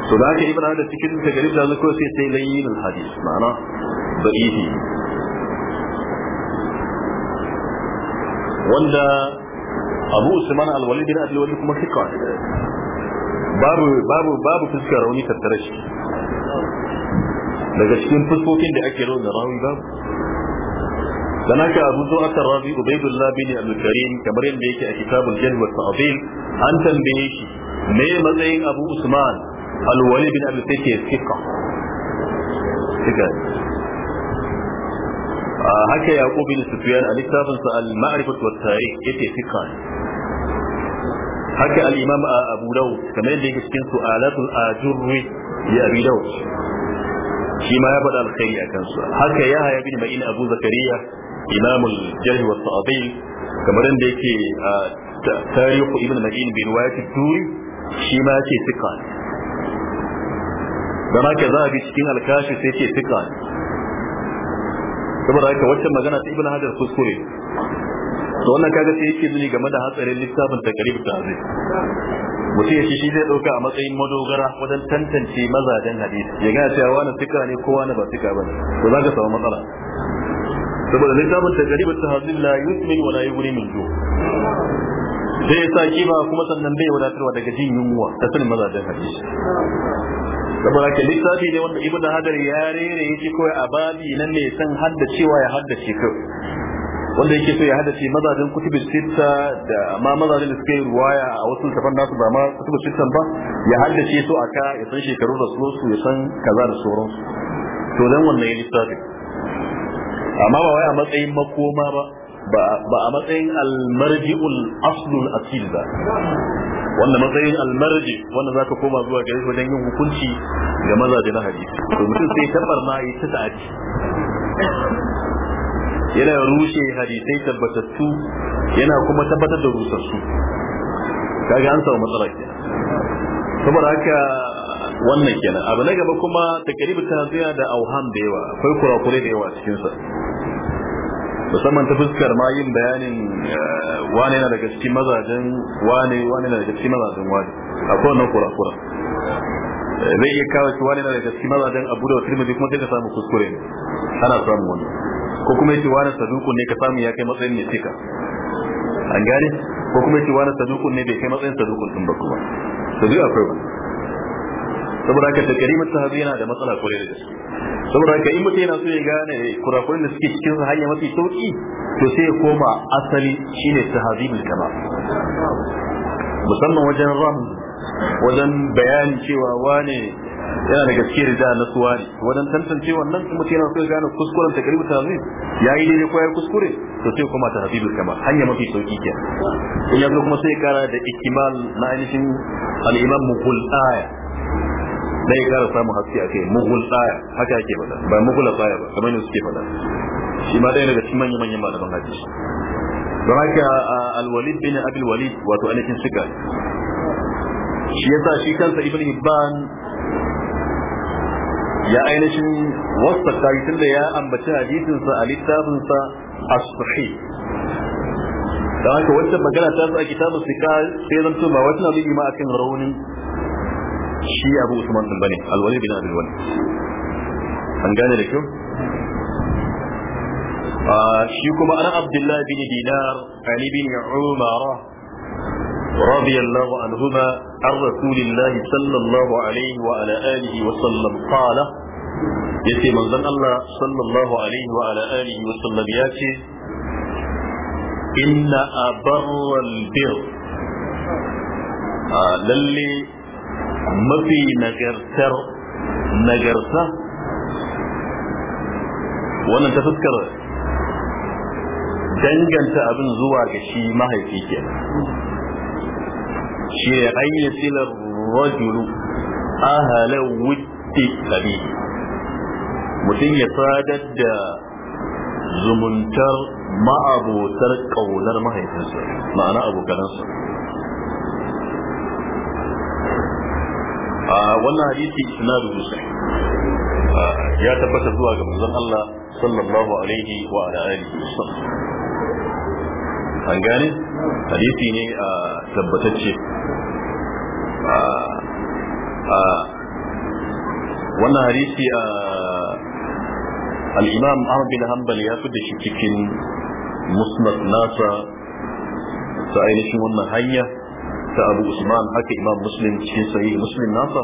to da yi ibn da cikin tagarib da zako sai sai layyin hadis ma'ana ihi wanda abu usman al-walid bin abdul walid kuma fiqa babu babu babu fuskar rauni tattare shi daga cikin fuskokin da ake rauni rauni babu dan haka abu zo aka rabi bin abdul karim kamar yadda yake a kitabul jinn wa ta'dil an tambaye shi me matsayin abu usman al-walid bin abdul take fiqa A haka yaqub bin sufyan a littafin sa al-ma'rifatu wat tarikh yake fiqa haka al-imam abu daud kamar yadda yake cikin su'alatul ajurri ya abi daud shi ma ya faɗa alkhairi a kansu haka ya haya bin ma'in abu zakariya imamul jarh wa ta'dil kamar yadda yake tarihu ibn ma'in bin riwayat turi shi ma ce thiqa dan haka za a bi cikin alkashi sai ce thiqa saboda haka wacce magana ta ibn hajar kuskure to wannan kaga sai yake nuni game da hatsarin littafin da karib ta azai mutum yace shi zai dauka a matsayin madogara wajen tantance mazajen hadisi ya gane cewa wani sika ne ko wani ba sika bane to zaka samu matsala saboda littafin da karib ta hazin la yusmin wa la yughni min ju zai sa kiba kuma sannan bai wadatarwa daga jin yunwa ta sanin mazajen hadisi saboda ke littafi ne wanda ibnu hadar ya rere yake kawai a babi nan ne san haddacewa ya haddace kawai wanda yake so ya hada haddace mazajen kutubu sitta da ma mazajen da suka yi ruwaya a wasu littafan nasu ba ma kutubu sittan ba ya hada haddace su aka ya san shekaru da su ya san kaza da sauransu to dan wannan ya lissafi amma ba wai a matsayin makoma ba ba a matsayin almarji'ul aslul asil ba wanda matsayin almarji wanda za ka koma zuwa gare wajen yin hukunci ga mazaje na hadisi to mutum sai tabar na yi ta ta'adi yana rushe hadisai tabbatattu yana kuma tabbatar da rusassu kaga an samu matsala ke saboda haka wannan kenan abu na gaba kuma takaribu tanziya da auham da yawa akwai kurakurai da yawa cikin sa musamman ta fuskar ma yin bayanin eh, wane na daga cikin mazajen wane wane na daga cikin mazajen wane akwai wannan kurakura eh, zai iya kawo shi wane na daga cikin mazajen abu da wasu kuma sai ka samu kuskure ana samun wannan ko kuma yace wani saduku ne ka samu ya kai matsayin ne cika an gane ko kuma yace wani saduku ne bai kai matsayin saduku din ba kuma to duk akwai ba saboda haka takarimat sahabi yana da matsala kwarai da gaske saboda haka in mutum yana so ya gane kurakurin da suke cikin sa hanya mafi sauki to sai ya koma asali shine sahabibul kama. musamman wajen ram wajen bayanin cewa wane yana da gaske rija na suwari wajen tantance wannan in mutum yana so ya gane kuskuren ta karibu ta zai ya yi daidai ko ya kuskure to sai kuma ta habibu kama hanya mafi sauki ke in ya kuma sai ya kara da ikimal na ainihin al'imam Muhul aya na ya kara samun haske a kai Muhul aya haka ake faɗa ba Muhul aya ba kamar yadda suke faɗa shi ma ɗaya daga cikin manya-manyan malaman hadisi don haka alwalid bin abil walid wato ainihin sigar shi yasa shi kansa ibn hibban ya ainihin wasta tun da ya ambaci hadisinsa a littafinsa a suhi da haka wacce magana ta zo a kitabun sika sai zan ba wata na ma akan raunin shi abu usman din bane alwali bin abin wani an gane da kyau ah, shi kuma ana abdullahi bin dinar ali bin umara رضي الله عنهما عن رسول الله صلى الله عليه وعلى آله وسلم قال يتي من ظن الله صلى الله عليه وعلى آله وسلم ياتي إن أبر البر آه للي ما في نجرتر نجرته وانا تفكر danganta abin zuwa ga shi mahaifi kenan shi ne an yi silar rajulu halar wuce kabi mutum ya sadar da zumuntar ma'abotar ƙaunar mahaifinsa ma'ana abokanansa a wannan hadisi isnadu sahih ya tabbata zuwa ga manzon Allah sallallahu alaihi wa alihi wasallam an gane hadisi ne a tabbatacce wannan hadisi a al-imam Ahmad bin Hanbal ya fi da shi cikin musnad nasa ta ainihin wannan hanya ta Abu Usman haka imam Muslim cikin sahih Muslim nasa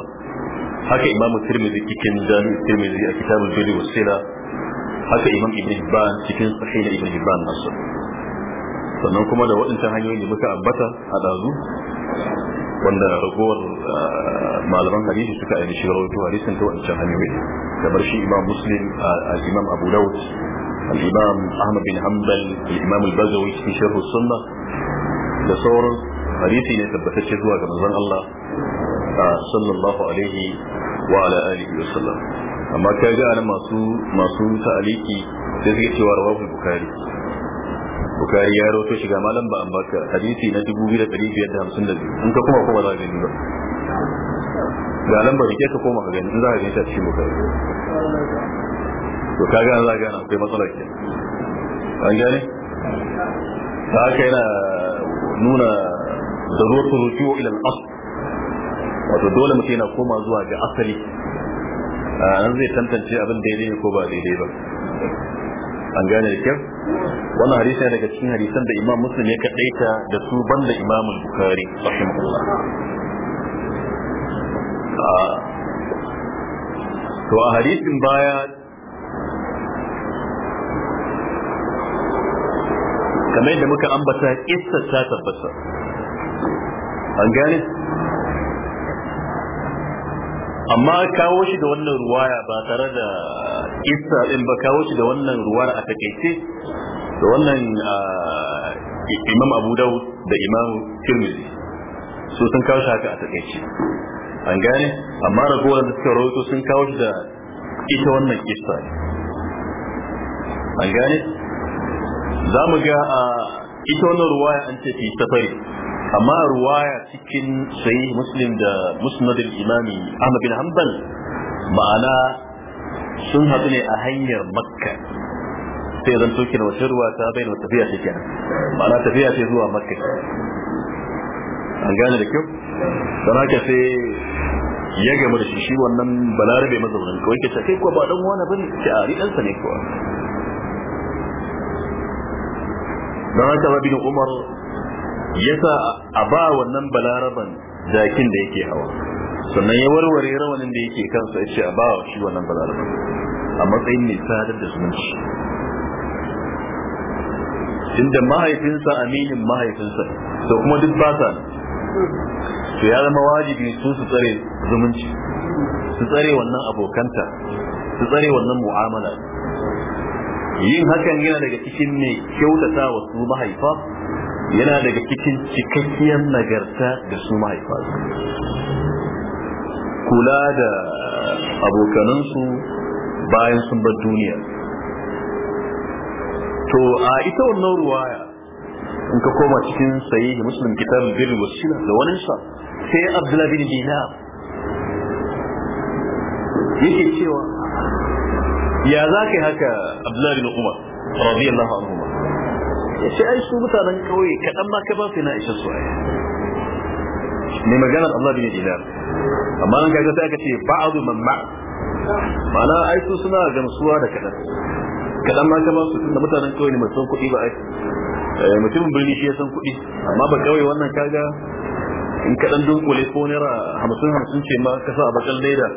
haka imam Tirmidhi cikin Jami' Tirmidhi a kitabul Bid'i was haka imam Ibn Hibban cikin sahih Ibn Hibban nasa sannan kuma da waɗancan hanyoyi muka ambata a ɗazu wanda ragowar ah, malaman hadisi suka yi shi rawaito hadisin ta waɗancan hanyoyi kamar shi imam muslim ah, al-imam abu dawud al ahmad bin hanbal al-imam al-bazawi cikin da sauran hadisi ne tabbatacce zuwa ga manzon Allah ah, sallallahu alaihi wa ala alihi wa sallam amma kai ga masu masu ta'aliki sai suke cewa bukari ya roto shiga malam ba an baka hadisi na 2552 in ka kuma kuma za ka gani ba ga lambar rike ka koma ka gani in za ka gani ta cikin bukari to kaga an za a gana akwai matsala ke an gane ta haka yana nuna zarurtu rujuwa ila al-asl wato dole mutum yana koma zuwa ga asali a nan zai tantance abin daidai ne ko ba daidai ba an gane da kyau wannan hadisi daga cikin hadisan da imam muslim ya kadaita da su banda imam bukhari rahimahullah to a hadisin baya kamar da muka ambata kissa ta tabbata an gane amma kawo shi da wannan ruwaya ba tare da isa din ba kawo shi da wannan ruwaya a takaice da wannan imam abu dawud da imam tirmidhi su sun kawo shi haka a takaice an gane amma ragowar da suka rawaito sun kawo shi da ita wannan isa an gane za mu ga a ita wannan ruwaya an ce fi safari أما رواية سكين صحيح مسلم دا مسند الإمام أحمد بن حنبل معنا سنة بن أهي مكة في أذن سكين وشروة تابين وتفيا سكين معنا تفيا سكين هو مكة أنجاني لكيو سناك في yage mu da shi shi wannan balarabe mazaunin kawai ke ce kai kuwa ba dan wani bane ce ari dan sa ne kuwa dan haka rabbi umar yasa a ba wannan balaraban jakin da yake hawa sannan ya warware rawanin da yake kansa ya ce a ba wa shi wannan balaraban a matsayin mai sadar da zumunci inda mahaifinsa aminin mahaifinsa to kuma duk ba sa to ya zama wajibi su su tsare zumunci su tsare wannan abokanta su tsare wannan mu'amala yin hakan yana daga cikin mai kyautata wasu su mahaifa yana daga cikin cikakkiyar nagarta da su mahaifa kula da abokanansu bayan sun bar duniya to a ita wannan ruwaya in ka koma cikin sayi muslim kitab bil wasila da wani sa sai abdullah bin dina yake cewa ya za ka yi haka abdullah bin umar radiyallahu anhu ya ce ai su mutanen kauye kaɗan ma ka ba su na isa su ai ne magana Allah bin Dinar amma an kaga ta aka ce a man ma ma'ana ai su suna gamsuwa da kaɗan kaɗan ma ka ba su tunda mutanen kauye ne mai son kuɗi ba ai eh, mutumin birni shi ya san kuɗi amma ba kauye wannan kaga in kaɗan dan dunkule ko naira hamsin hamsin ce ma ka sa a bakan leda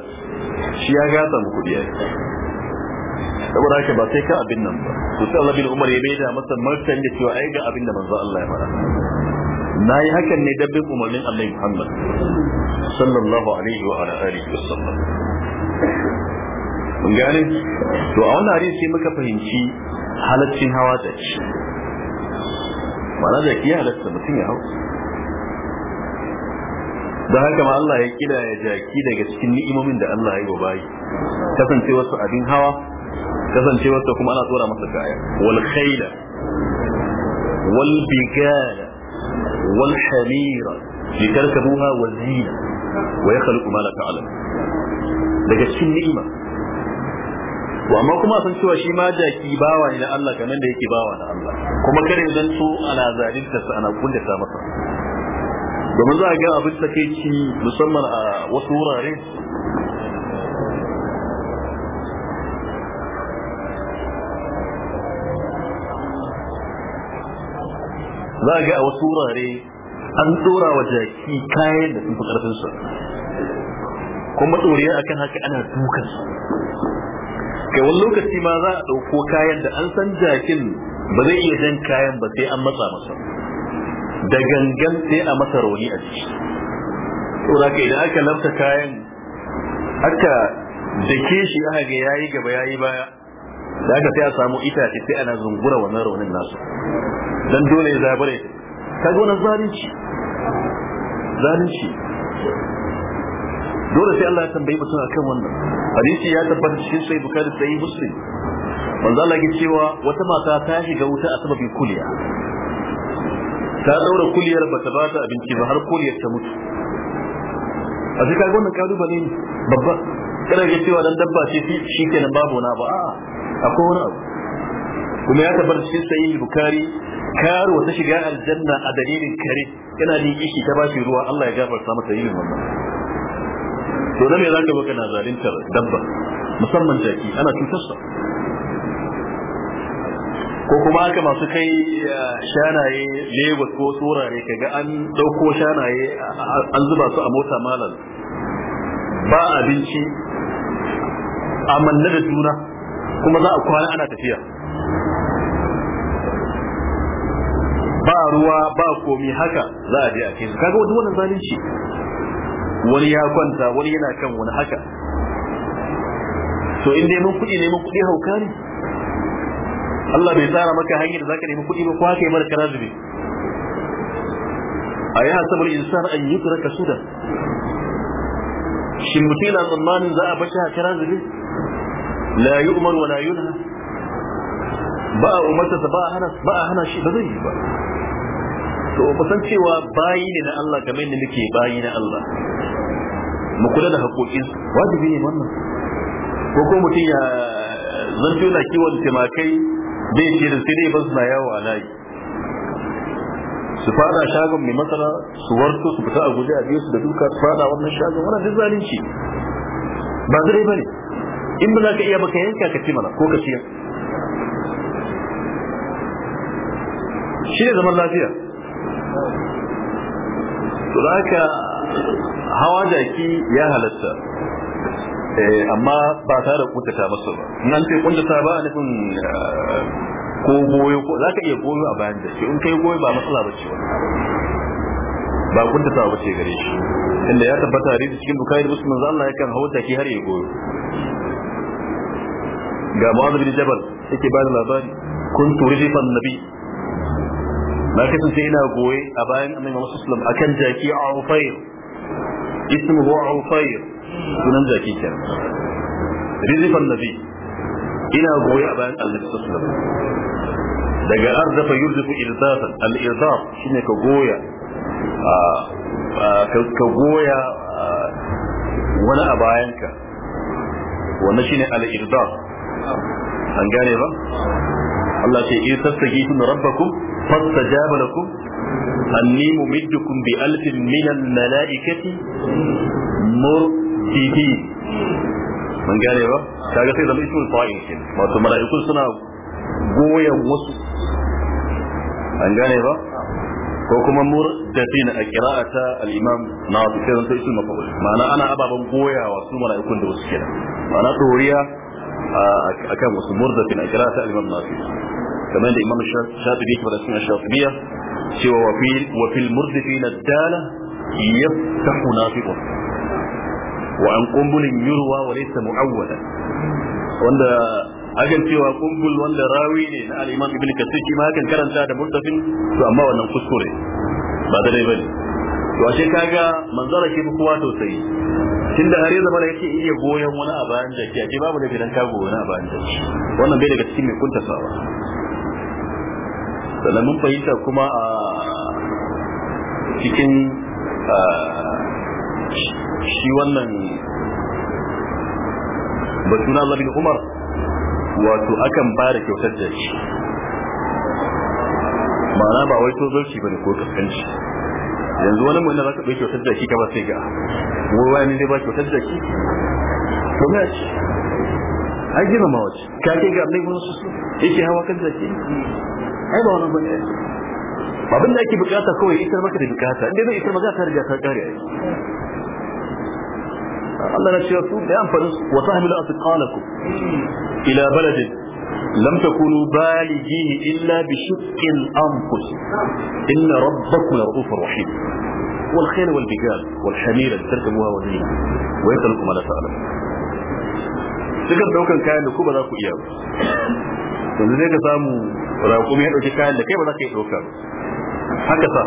shi ya gasa mu kuɗi ai saboda haka ba sai ka abin nan ba to sai Allah bin Umar ya bai da masa martan da cewa ai ga abin da manzo Allah ya fara. na yi hakan ne don bin umarnin Allah Muhammad sallallahu alaihi wa alihi wa sallam mun gane to a wannan hadisi sai muka fahimci halaccin hawa da shi ma'ana da ki halatta mutum ya hau da haka ma Allah ya kira ya jaki daga cikin ni'imomin da Allah ya yi wa bayi kasance wasu abin hawa kasancewarsa kuma ana tsora masa kaya wal khayla wal bigala wal hamira litarkabuha wa zina wa yakhluqu ma la ta'lam daga cikin ni'ima to amma kuma san cewa shi ma jaki bawa ne na Allah kamar da yake bawa na Allah kuma kare zan so ana zalinta sa ana kuntata masa domin za a ga abin takeici musamman a wasu wurare za a ga a wasu wurare an tsora wa jaki kayan da sun fi karfin su kuma tsoriya akan haka ana dukan su kai wani lokaci ma za a ɗauko kayan da an san jakin ba zai iya jan kayan ba sai an matsa masa da gangan sai a masa rauni a ciki tsora ka idan aka lafta kayan aka dake shi aka ga yayi gaba yayi baya da aka sai a samu itace sai ana zungura wannan raunin nasu dan dole ya zabare kaga wannan zalunci zalunci dole sai Allah ya tambayi mutum akan wannan hadisi ya tabbata cikin sai bukari sai muslim manzo Allah ya cewa wata mata ta shiga wuta a sababin kuliya ta daura kuliyar ta ba ta abinci ba har kuliyar ta mutu a sai kaga wannan kalubale ne babba kada ga cewa dan dabba ce shi kenan babu na ba a'a akwai wani abu kuma ya tabbata sai sahih bukari karo ta shiga aljanna a dalilin kare yana jin kishi ta bashi ruwa Allah ya gafarta masa yin wannan to na me zaka baka na zalintar dabba musamman jaki ana sa. ko kuma haka masu kai eh, shanaye Lagos ko tsorare kaga an dauko shanaye an zuba su a mota malam ba abinci a manna da juna kuma za a kwana ana tafiya ba ruwa ba komi haka za a je a kai su kaga wani wannan zalunci wani ya kwanta wani yana kan wani haka to in neman kuɗi neman kuɗi hauka ne Allah bai tsara maka hanyar da zaka nemi kuɗi ba ko haka yi mara kara zube a yi hasabar insan an yi turaka da. shin mutum yana tsammanin za a bashi a kara zube la yi umar wa la yunha ba a umarta ba a hana shi ba zai yi ba to kusan cewa bayi ne na Allah kamar yadda muke bayi na Allah mu kula da haƙoƙin wajibi ne wannan ko ko mutum ya zanto na kiwon timakai zai ce da sai dai ban na yawo a layi su fada shagon mai matsala su warto su fita a guje a biyu su da duka su fada wannan shagon wannan duk zalunci ba zai ba ne in ba za ka iya baka yanka ka ci mana ko ka ciyar shi ne zaman lafiya haka hawa jaki ya halatta eh, amma ba tare da kuntata masa ba in an ce kuntata ba nufin eh, ko goyo ko za ka iya goyo a bayan jaki in kai goyo ba matsala ba ce ba kuntata ba ce gare shi inda ya tabbata hadisi cikin bukari musulman za Allah yakan hawa jaki har ya goyo ga mu'adh bin jabal yake ba da labari kun rijifan nabi na kasance ina goye a bayan annabi Muhammad sallallahu akan jaki a Ufayr ismuhu Ufayr sunan jaki kenan rizqan nabi ina goye a bayan annabi sallallahu alaihi daga arzafa yurzifu irzafan al-irzaf shine ka goya ka goya wani a bayanka wannan shine al-irzaf an gane ba Allah ce in tattaki sun rabbakum fastajaba lakum anni mumiddukum bi alfin malaikati murtihi mun gane ba kaga sai zama ismul fa'il kin wato mala'iku suna goyen wasu an gane ba ko kuma murdafin a qira'ata al-imam nawawi sai zan ismul maf'ul ma'ana ana ababan goyawa su mala'ikun da wasu kenan ma'ana doriya akan wasu kamar da imam shatibi yake fara cikin shatibiya cewa wa fil wa fil murdifina dala yaftahu nafiqun wa an qumbulin yurwa wa laysa mu'awwala wanda akan cewa kumbul wanda rawi ne na al-imam ibn kasir ma kan karanta da to amma kuskure ba ashe kaga manzara ke kowa sosai? tunda har zama da yake iya goyon wani abu bayan jaki a babu da gidan kago wani abu bayan jaki wannan bai daga cikin mai kuntasawa sannan mun fahimta kuma a cikin shi wannan batuna na Umar wato akan ba da kyautar da shi ma'ana ba wai to ba ne ko kaskanci yanzu wani mun da zaka bai kyautar da shi kamar sai ga wai wani ne ba kyautar da shi to me shi ai girma wace ka kai ga su su yake hawa kan zaki ai ba wannan bane abin da ake bukata kawai isar maka da bukata inda zai isar maka ta riga ta kare ai Allah na cewa su da amfani wa tahmilu asqalakum ila baladin lam takunu balighihi illa bi shiqqil anfus inna rabbakum ra'ufur rahim والخيل والبقال والحمير التي تركبوها وزينة ويسألكم على سألة تقدر لو كان كان لكم ذاك إياه yanzu zai ka samu raƙumi ya ɗauki kayan da kai ba za ka yi ɗauka haka sa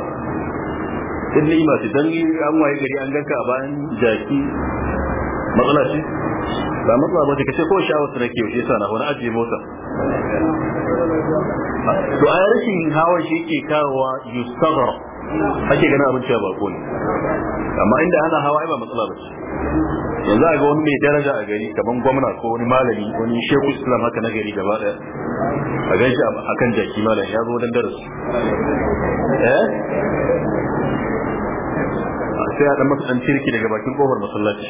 in ni'ima ce dan an waye gari an ganka a bayan jaki matsala ce ba matsala ba ce kace ko sha'awar ta nake yaushe yasa na wani ajiye mota to a rashin hawa shi ke kawowa yustaghar ake ganin abin cewa ko ne amma inda ana hawa ai ba matsala ba ce yanzu a ga wani mai daraja a gari kaman gwamna ko wani malami wani shehu islam haka na gari gaba daya a gan shi a kan jaki malam ya zo don darasi eh sai a dan masa dan cirki daga bakin kofar masallaci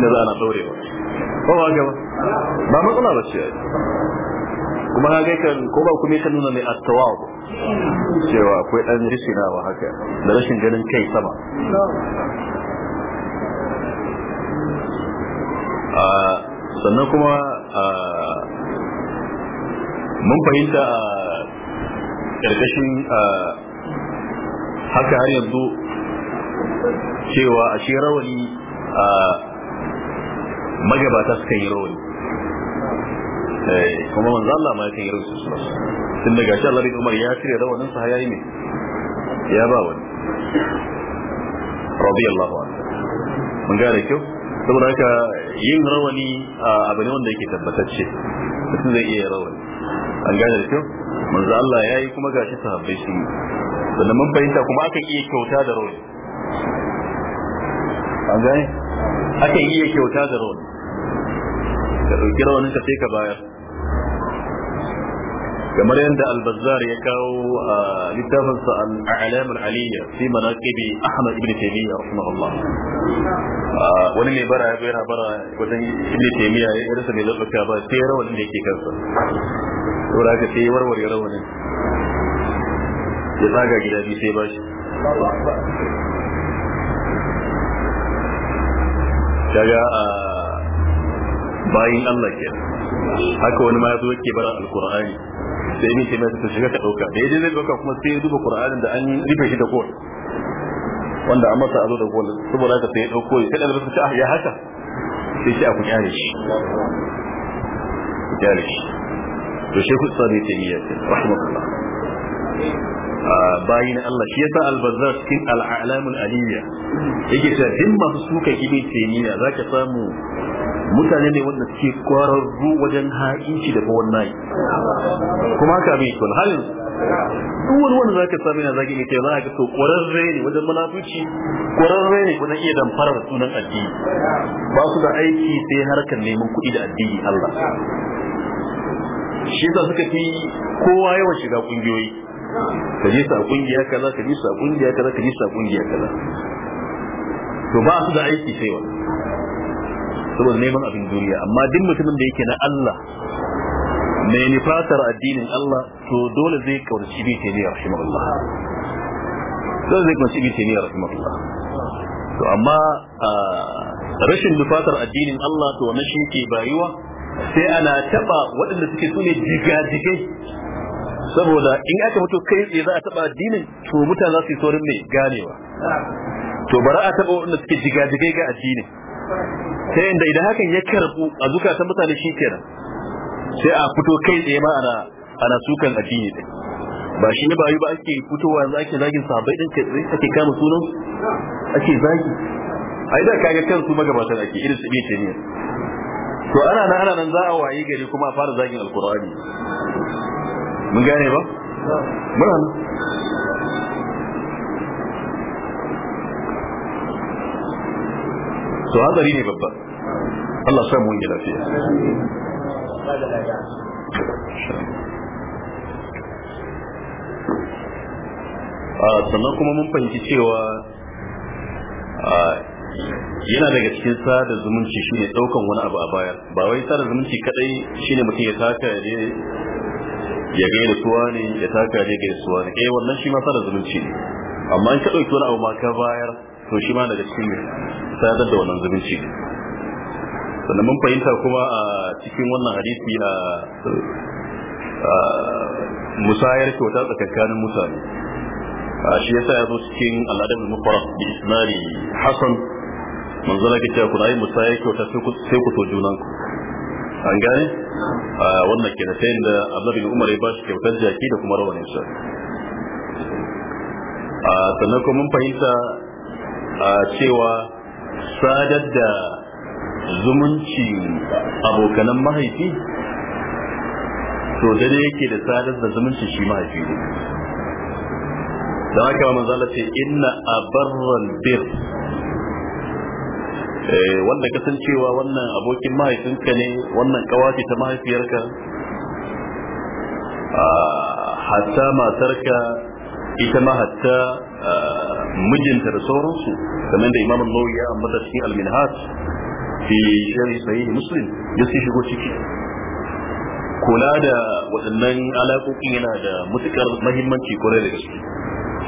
inda za a na daurewa ba ba gaba ba matsala ba ce kuma ka kai kan ko ba kuma ka nuna mai attawa cewa akwai dan risinawa haka da rashin ganin kai sama sannan kuma mun fahimta a ƙarƙashin haka har yanzu cewa a shi rawani magabata suka yi rawani eh, kuma manzo Allah ma yakan yi rawani tun daga shi Allah Umar ya cire rawanin sa yayi ne ya ba wani radiyallahu anhu mun gane kyau saboda haka yin rawani abu ne wanda yake tabbatacce mutum zai iya rawani an gane da kyau manzo Allah ya yi kuma gashi sahabbai shi sannan mun fahimta kuma aka iya kyauta da rawani an gane aka iya kyauta da rawani ka ɗauki rawanin ka sai ka bayar kamar yadda albazar ya kawo a littafinsa al'alam al'aliyya fi manaqibi ahmad ibn taymiya rahimahullah wani mai bara ya bayar bara wajen ibn taymiya ya rasa mai zalbaka ba sai rawanin da yake kansa saboda haka sai warware rawanin ya zaga gida biyu sai bashi kaga a bayin Allah ke haka wani ma ya zo yake bara alkur'ani sai ibn taymiya ta shiga ta dauka da yaje zai dauka kuma sai ya duba qur'anin da an rufe shi da gol wanda an masa azo da gol saboda haka sai ya dauko ya kada da ta ah, ya haka sai shi a ku kyale shi kyale shi to shi ku tsare ta yi rahmatullah bayin Allah shi yasa albazar cikin al'alamul aliyya yake cewa duk masu suka ibn za ka samu mutane ne wanda suke kwararru wajen ha'inci da kowar nayi kuma haka abin yake halin duk wani wanda ka sami na zagi mai za ka to kwararre ne wajen munafici kwararre ne wajen iya damfara da sunan addini ba su da aiki sai harkar neman kuɗi da addini Allah shi yasa suka fi kowa yawan shiga kungiyoyi ka je sa kungiya kaza ka je sa kungiya kaza ka je sa kungiya kaza to ba su da aiki sai wannan saboda neman abin duniya amma duk mutumin da yake na Allah mai nifatar addinin Allah to dole zai kaurace bi taimiyar Allah dole zai kaurace bi taimiyar Allah to amma rashin nifatar addinin Allah to wannan shi ke bayuwa sai ana taba waɗanda suke sune jigajigai saboda in aka mutu kai tsaye za a taba addinin to mutane za su yi saurin mai ganewa to bara a taba waɗanda suke jigajigai ga addinin ta yadda idan hakan ya karbu a zukatan mutane shi kenan sai a fito kai tsaye ma ana ana sukan addini din ba shi ne ba yi ba ake fitowa yanzu ake zagin sabai din kai ake kama sunan ake zagi ai ka ga kan su magabatan ake irin su ce ne to ana nan ana nan za a waye gari kuma a fara zagin alkur'ani mun gane ba muna to hatsari ne babba Allah sa mu yi lafiya sannan kuma mun fahimci cewa yana daga cikin sada zumunci shine daukan wani abu a baya ba wai sada zumunci kadai shine mutum ya taka ne ya gaida suwa ne ya taka ne ga suwa ne eh wannan shi ma sada zumunci ne amma in ka dauki wani abu ma ka bayar to shi ma daga cikin sadar da wannan zumunci sannan mun fahimta kuma a cikin wannan hadisi a musayar kyauta tsakankanin mutane shi yasa ya zo cikin al'adar mufarar bi isnari Mun manzo na cewa kuna yi musayar kyauta sai ku so junanku an gane wannan ke da ta yin da abdullahi bin umar ya ba shi kyautar jaki da kuma rawanin sa sannan kuma mun fahimta A cewa sadar da zumunci abokanan mahaifi to dare yake da sadar da zumunci shi mahaifi ne da haka wa manzala ce inna abarral bir eh, wanda kasancewa wannan abokin mahaifinka ne wannan kawace ta mahaifiyarka hatta matarka ita ma hatta ah, mijinta da sauransu kamar da imam nawawi ya ambata cikin al fi muslim shigo ciki kula da waɗannan alaƙoƙi yana da matuƙar mahimmanci kwarai da gaske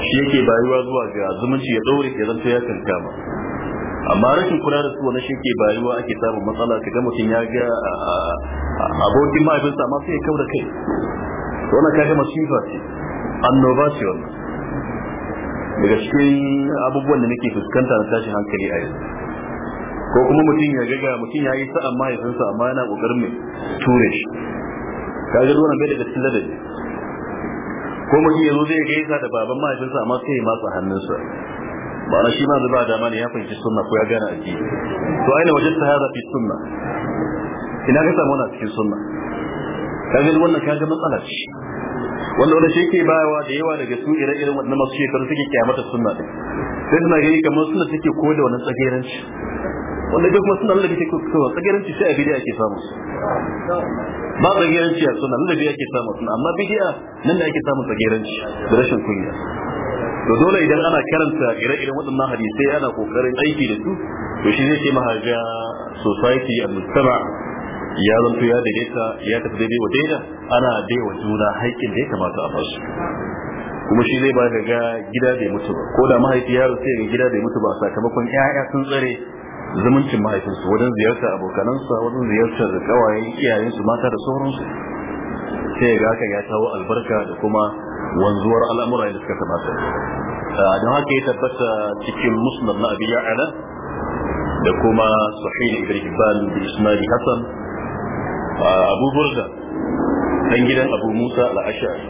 shi yake bayuwa zuwa ga zumunci ya ɗaure ya zanto ya kankama amma rashin kula da su wani shi ke bayuwa ake samun matsala ka ga mutum ya ga ah, ah, abokin mahaifinsa ma sai ya kau da kai wannan kaga masifa ce annoba ce wannan daga cikin abubuwan da nake fuskanta na tashin hankali a yanzu ko kuma mutum ya gaga mutum ya yi sa amma ya san sa amma yana kokarin mai ture shi ka ga wannan bai daga cikin ladabi ko mutum ya zo zai gaisa da baban mahaifinsa amma sai ya matsa hannunsa ba na shi ma zuba dama ne ya fahimci sunna ko ya gane addini to aina wajen ta hada fi sunna ina ka samu na cikin sunna kaga wannan kaga matsala ce wanda wanda shi ke bayawa da yawa daga su ire irin wannan masu shekaru suke kyamata sunna din sai suna gani kamar suna take ko da wannan tsageranci wanda duk kuma suna lullabi take ko tsageranci sai a bidiya ake samu ba tsageranci a suna lullabi ake samu suna amma bidiya nan da ake samun tsageranci da rashin kunya to dole idan ana karanta ire-iren waɗannan hadisai ana kokarin aiki da su to shi zai ce mahaja society and mustama ya zanto ya daidaita ya tafi daidai wa daida ana wa juna haƙƙin da ya kamata a basu kuma shi zai ba ka ga gida bai mutu ba ko da mahaifi ya sai ga gida bai mutu ba sakamakon ƴaƴa sun tsare zumuncin mahaifinsu wajen ziyartar abokanansa wajen ziyartar kawayen iyayensu mata da sauransu sai ga haka ya kawo albarka da kuma wanzuwar al'amura da suka kamata ah, don haka ya tabbata cikin musulman na abi da kuma sahih Ibrahim hibban Isma'il hasan abu burda dan gidan abu musa al-ashari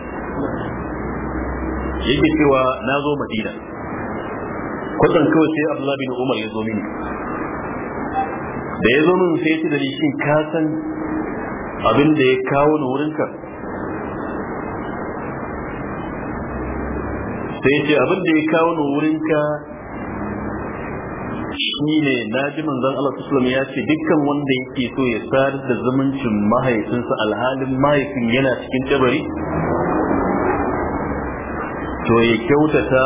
yake cewa na zo madina kusan kawai sai abdullahi bin umar ya zo mini da ya zo min sai ya da ni shin ka san abin da ya kawo ni wurinka sai ce abin da ya kawo ni wurinka shine ji manzon Allah sallallahu ya ce dukkan wanda yake so ya sadar da zumuncin mahaifinsa alhalin mahaifin yana cikin kabari to ya kyautata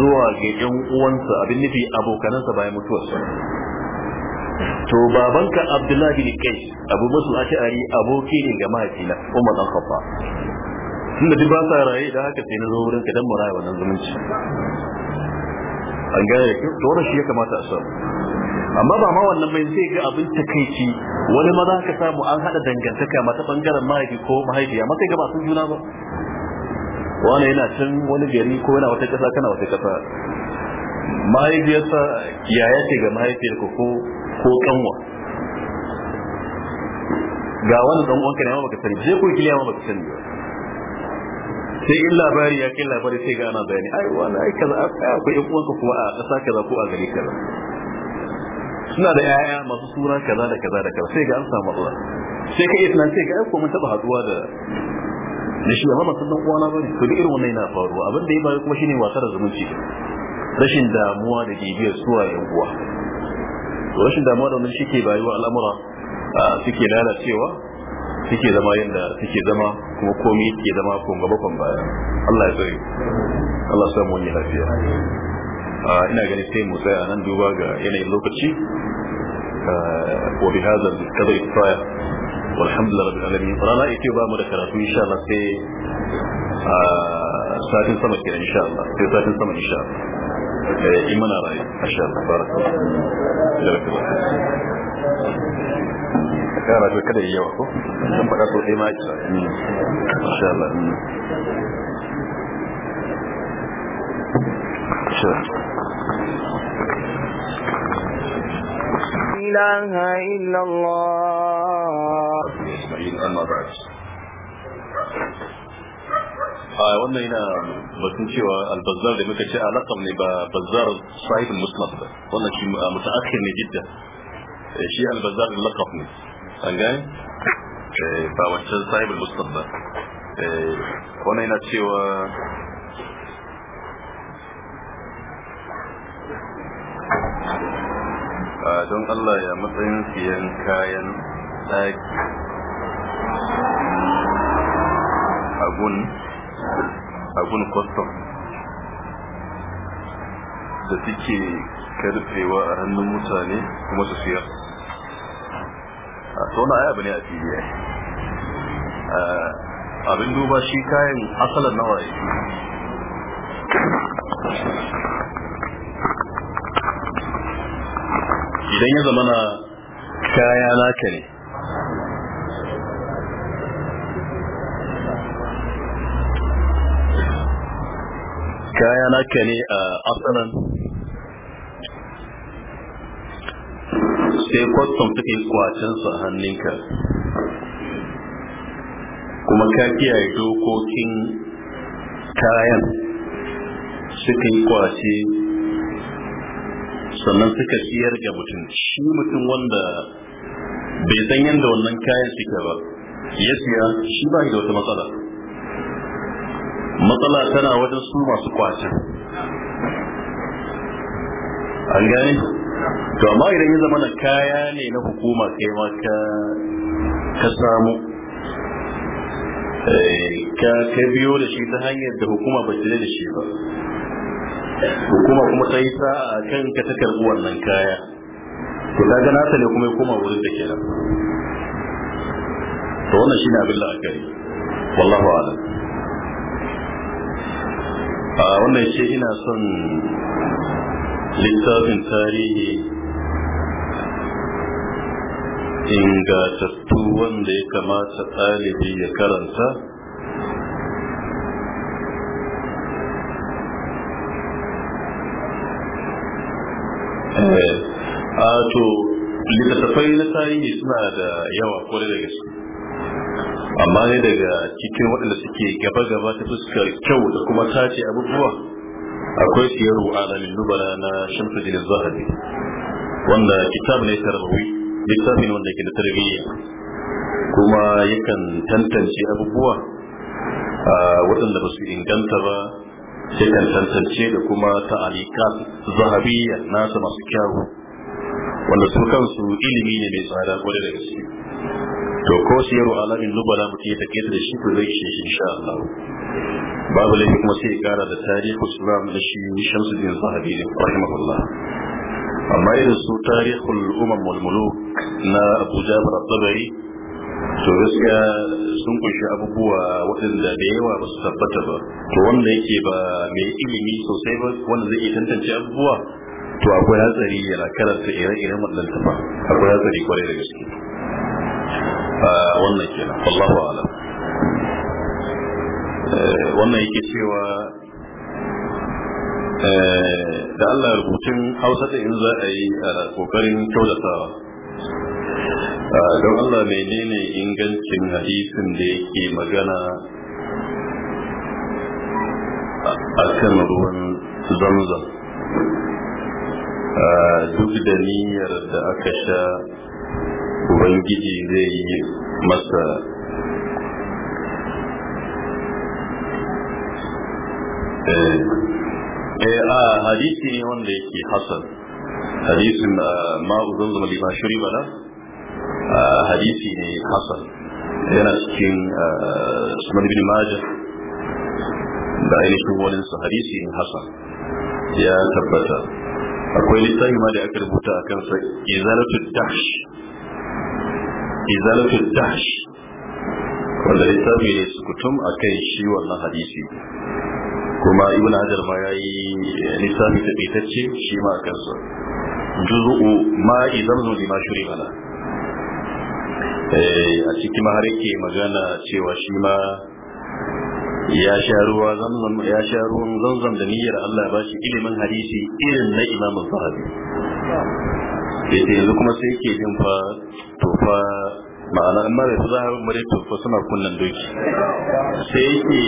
zuwa ga yan uwansa abin nufi abokanansa bayan mutuwarsa to babanka Abdullahi bin kai, Abu Musa Ash'ari aboki ne ga mahaifina Umar dan khaffa tunda duk ba sa raye da haka sai na zo wurin ka dan muraya wannan zumunci an gane da to wannan shi ya kamata a samu amma ba ma wannan mai zai ga abin takaici wani ma za ka samu an hada dangantaka mata bangaren mahaifi ko mahaifiya ma sai ga ba sun juna ba wani yana can wani gari ko yana wata kasa kana wata kasa mahaifiyarsa yaya ce ga mahaifiyar ko ko kanwa ga wani dan uwanka ne ma baka sani sai ko kiliya ma baka sani ba sai in labari ya kai labari sai gana ana bayani ai wani ai kaza akwai yan uwanka kuma a ƙasa kaza ko a gari kaza suna da yaya masu sura kaza da kaza da kaza sai ga an samu matsala sai ka iya tunan sai ga ai ko mun taba haduwa da da shi amma masu dan uwana bane to da irin wannan yana faruwa abin da ya bayar kuma shine wasar zumunci rashin damuwa da jibiyar suwa yan uwa to rashin damuwa da wani shi ke bayuwa al'amura suke lalacewa suke zama yadda suke zama kuma komi ke zama ko gaba baya Allah ya tsare Allah samu wani lafiya ina gani sai mu tsaya nan duba ga yanayin lokaci wa bi hadha al-qadri kifaya walhamdulillah rabbil alamin rana yake ba mu da karatu insha Allah sai satin sama ke insha Allah sai satin sama insha Allah eh, imana rai insha Allah barakallahu kara to kada yawa ko dan faɗa so dai ma insha Allah إله إلا الله أما بعد a wannan yana batun cewa albazar da muka ce alaƙam ne ba bazar sahibin musnad ba wannan shi mutaakhir ne jidda shi albazar laƙaf ne an gane eh, ba wancan sahibul muslim ba eh, wannan yana cewa ah, don Allah ya matsayin siyan kayan ɗaki agun kwastam da suke karfewa a hannun mutane kuma su siyar to na aya bane a fili eh, abin duba shi kayan asalin nawa ne idan ya zama na kaya naka ne kaya naka ne a eh, asalin sai kwaston suka yi kwacen su a hannunka kuma ka kiyaye dokokin kayan suka yi kwace sannan suka siyar ga mutum shi mutum wanda bai san yadda wannan kayan suke ba ya siya shi ba da wata matsala matsala tana wajen su masu kwacen an gane to amma idan ya zama na kaya ne na hukuma kai ma ka ka samu eh, ka ka biyo da shi ta hanyar da hukuma ba ta da shi ba hukuma kuma ta yi sa'a kan ka ta karɓi wannan kaya to ka ga nata ne kuma ya koma wurin da kenan to wannan shi ne abin la'akari. wallahu a'lam a wannan shi ina son littafin tarihi ingatattu wanda ya kamata ɗalibi ya karanta eh, a to littattafai na tarihi suna da yawa kwarai da gaske amma ne daga cikin waɗanda suke gaba-gaba ta fuskar kyau da kuma tace abubuwa akwai wa alamin nubala na shamsuddin zahabi wanda kitab ne tarbawi littafin wanda ke da tarbiyya kuma yakan tantance abubuwa waɗanda ba su inganta ba yakan tantance da kuma ta'alikat zahabiyya nasa masu kyawu wanda su kansu ilimi ne mai tsada kwarai da gaske to ko siyaru alamin nubala mutum ya take da shi to zai ishe shi insha Allah babu laifi kuma sai ya kara da tarihi islam da shi shamsuddin zahabi rahimahullah amma irin su tarihul umam wal muluk na abu jabir at-tabari to gaskiya sun kunshi abubuwa waɗanda da yawa ba su tabbata ba to wanda yake ba mai ilimi sosai ba wanda zai iya tantance abubuwa to akwai hatsari yana karanta ire-iren waɗannan tafa akwai hatsari kwarai da gaske wannan kenan wallahu alam eh, wannan yake cewa eh, da Allah rubutun hausa da in za a yi a kokarin kyautatawa don Allah menene ingancin hadisin da yake magana a kan ruwan zamzam duk da niyyar da aka sha ubangiji zai yi masa eh a hadisi ne wanda yake hasan hadisin ma ma'uzun zama lima shuri bala hadisi ne hasan yana cikin sunan bin majah da ainihin wani su hadisi ne hasan ya tabbata akwai littafi ma da aka rubuta a kansa izalatu dash izalatul dahsh wanda littafi ne sukutum a kan shi wannan hadisi kuma ibn hajar ma ya yi eh, littafi taɓaitacce shi ma a kansa juzu'u ma izamnu lima shuri mana eh, a ciki ma yake magana cewa shi ma ya sha ruwa zamzam ya sha ruwan zamzam da niyyar Allah ba shi ilimin hadisi irin na imamu sahabi sai yanzu kuma sai ke jin fa to ma'ana in mara su zahar mare to suna kunnan doki sai yake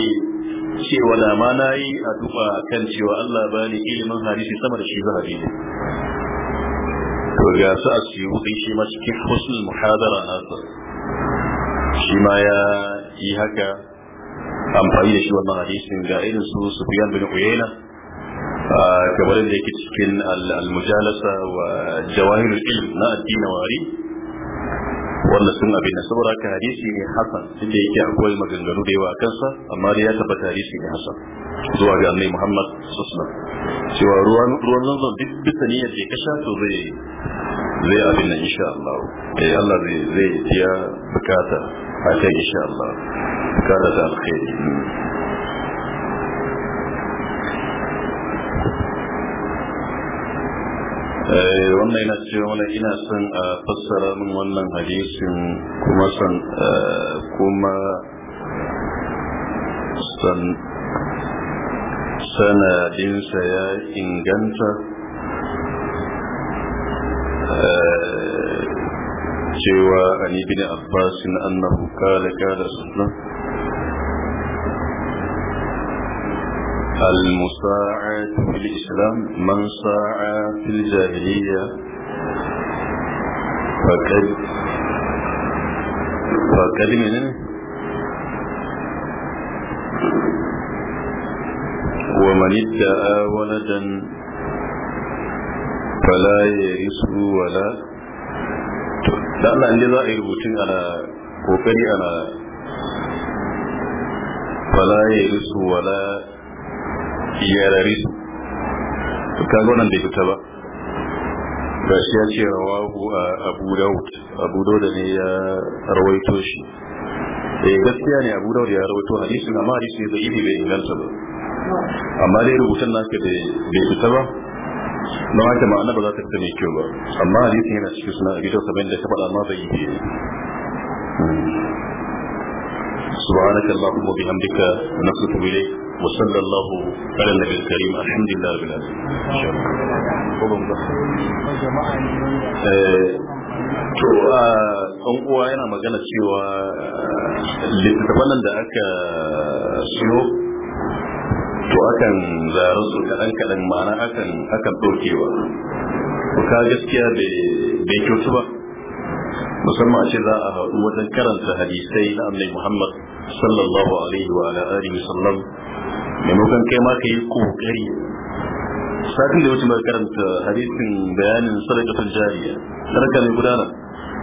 cewa da ma na yi addu'a kan cewa Allah ba ni ilimin hadisi sama da shi zahabi ne to ga su a siyu din shi ma cikin husnul muhadara nasa shi ma ya yi haka amfani da shi wannan hadisin ga irin su Sufyan bin a kamar da yake cikin al-mujalasa wa jawahirul ilm na addini wari wannan sun abin da saboda haka hadisi ne hasan inda yake akwai maganganu da yawa kansa amma dai ya tabbata hadisi ne hasan zuwa ga annabi Muhammad sallallahu cewa ruwan ruwan duk bisa niyyar da kasha to zai zai abin nan insha Allah eh Allah zai zai tiya bukata a kai insha Allah bukata ta alkhairi Eh, wannan yana cewa wani ina son a fassara min wannan hadisin kuma son eh, kuma san sanadinsa ya inganta eh, cewa ani bin abbasin annahu kala kala sunan المساعد في الإسلام من ساعة في الجاهلية فقد فقد من ومن ادعى ولدا فلا يرثه ولا لا لا ne za a yi rubutun ana kokari ana fala yarare su to kaga wannan bai fita ba ga shi ya ce rawahu a abu daud abu daud ne ya rawaito shi eh gaskiya ne abu daud ya rawaito hadisin amma hadisin da ibi bai inganta ba amma dai rubutun naka da bai fita ba don haka ma'ana ba za ta fita mai kyau ba amma hadisin yana cikin suna a gidan kamar da ta faɗa ma bai yi سبحانك اللهم وبحمدك نصرف إليك وصلى الله على النبي الكريم الحمد لله رب العالمين to a ah, ɗan uwa yana magana cewa eh, littattafan da aka siyo to akan zarar su kaɗan kaɗan ma'ana akan akan ɗaukewa to ka gaskiya bai kyautu ba musamman a ce za a haɗu wajen karanta hadisai na annai muhammad sallallahu alaihi wa alihi sallam maimakon kai ma ka yi kokari satin da wuce mai karanta hadisin bayanin sadakatul jariya sadaka mai gudana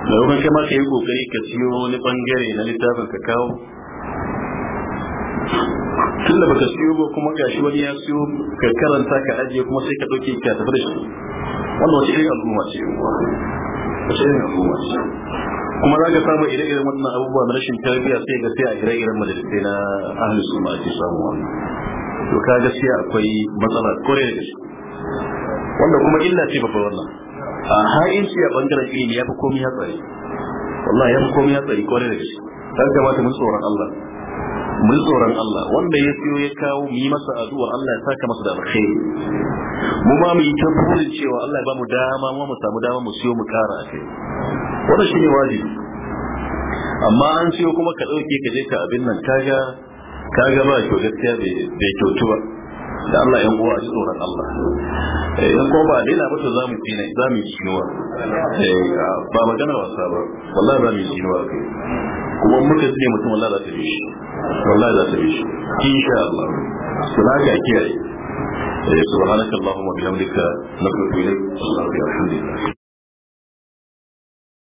maimakon kai ma ka yi kokari ka siyo wani bangare na littafin ka kawo tun da baka siyo ba kuma gashi wani ya siyo ka karanta ka ajiye kuma sai ka ɗauke ka tafi da shi wannan wace irin al'umma ce wace irin al'umma ce kuma za ka samu ire-iren wannan abubuwa na rashin tarbiyya sai ga sai a ire-iren majalisai na ahli sunna ake samu wannan to ka gaskiya akwai matsala kore da gaske wanda kuma illa ce babba wannan a shi a bangaren ilimi ya fi komi ya tsari wallahi ya fi komi ya tsari kore da gaske dan kamata mun tsoron Allah mun tsoron Allah wanda ya siyo ya kawo mu yi masa addu'a Allah ya saka masa da alkhairi mu ma mu yi ta burin cewa Allah ya ba mu dama mu mu samu dama mu siyo mu kara a kai wannan shine wajibi amma an siyo kuma ka dauke ka je ka abin nan kaga Ka kaga ba kyau gaskiya bai kyautu ba da Allah yan uwa a ji tsoron Allah yan eh, ko ba daina ba to za mu tsina za mu yi shinuwa eh, ba magana wasa ba wallahi za mu yi shinuwa kai kuma muka tsine mutum wallahi za ta bi shi wallahi za ta bi shi insha Allah su na ga kiyaye eh, subhanakallahumma bihamdika nasallu ilayk wa sallallahu alaihi wa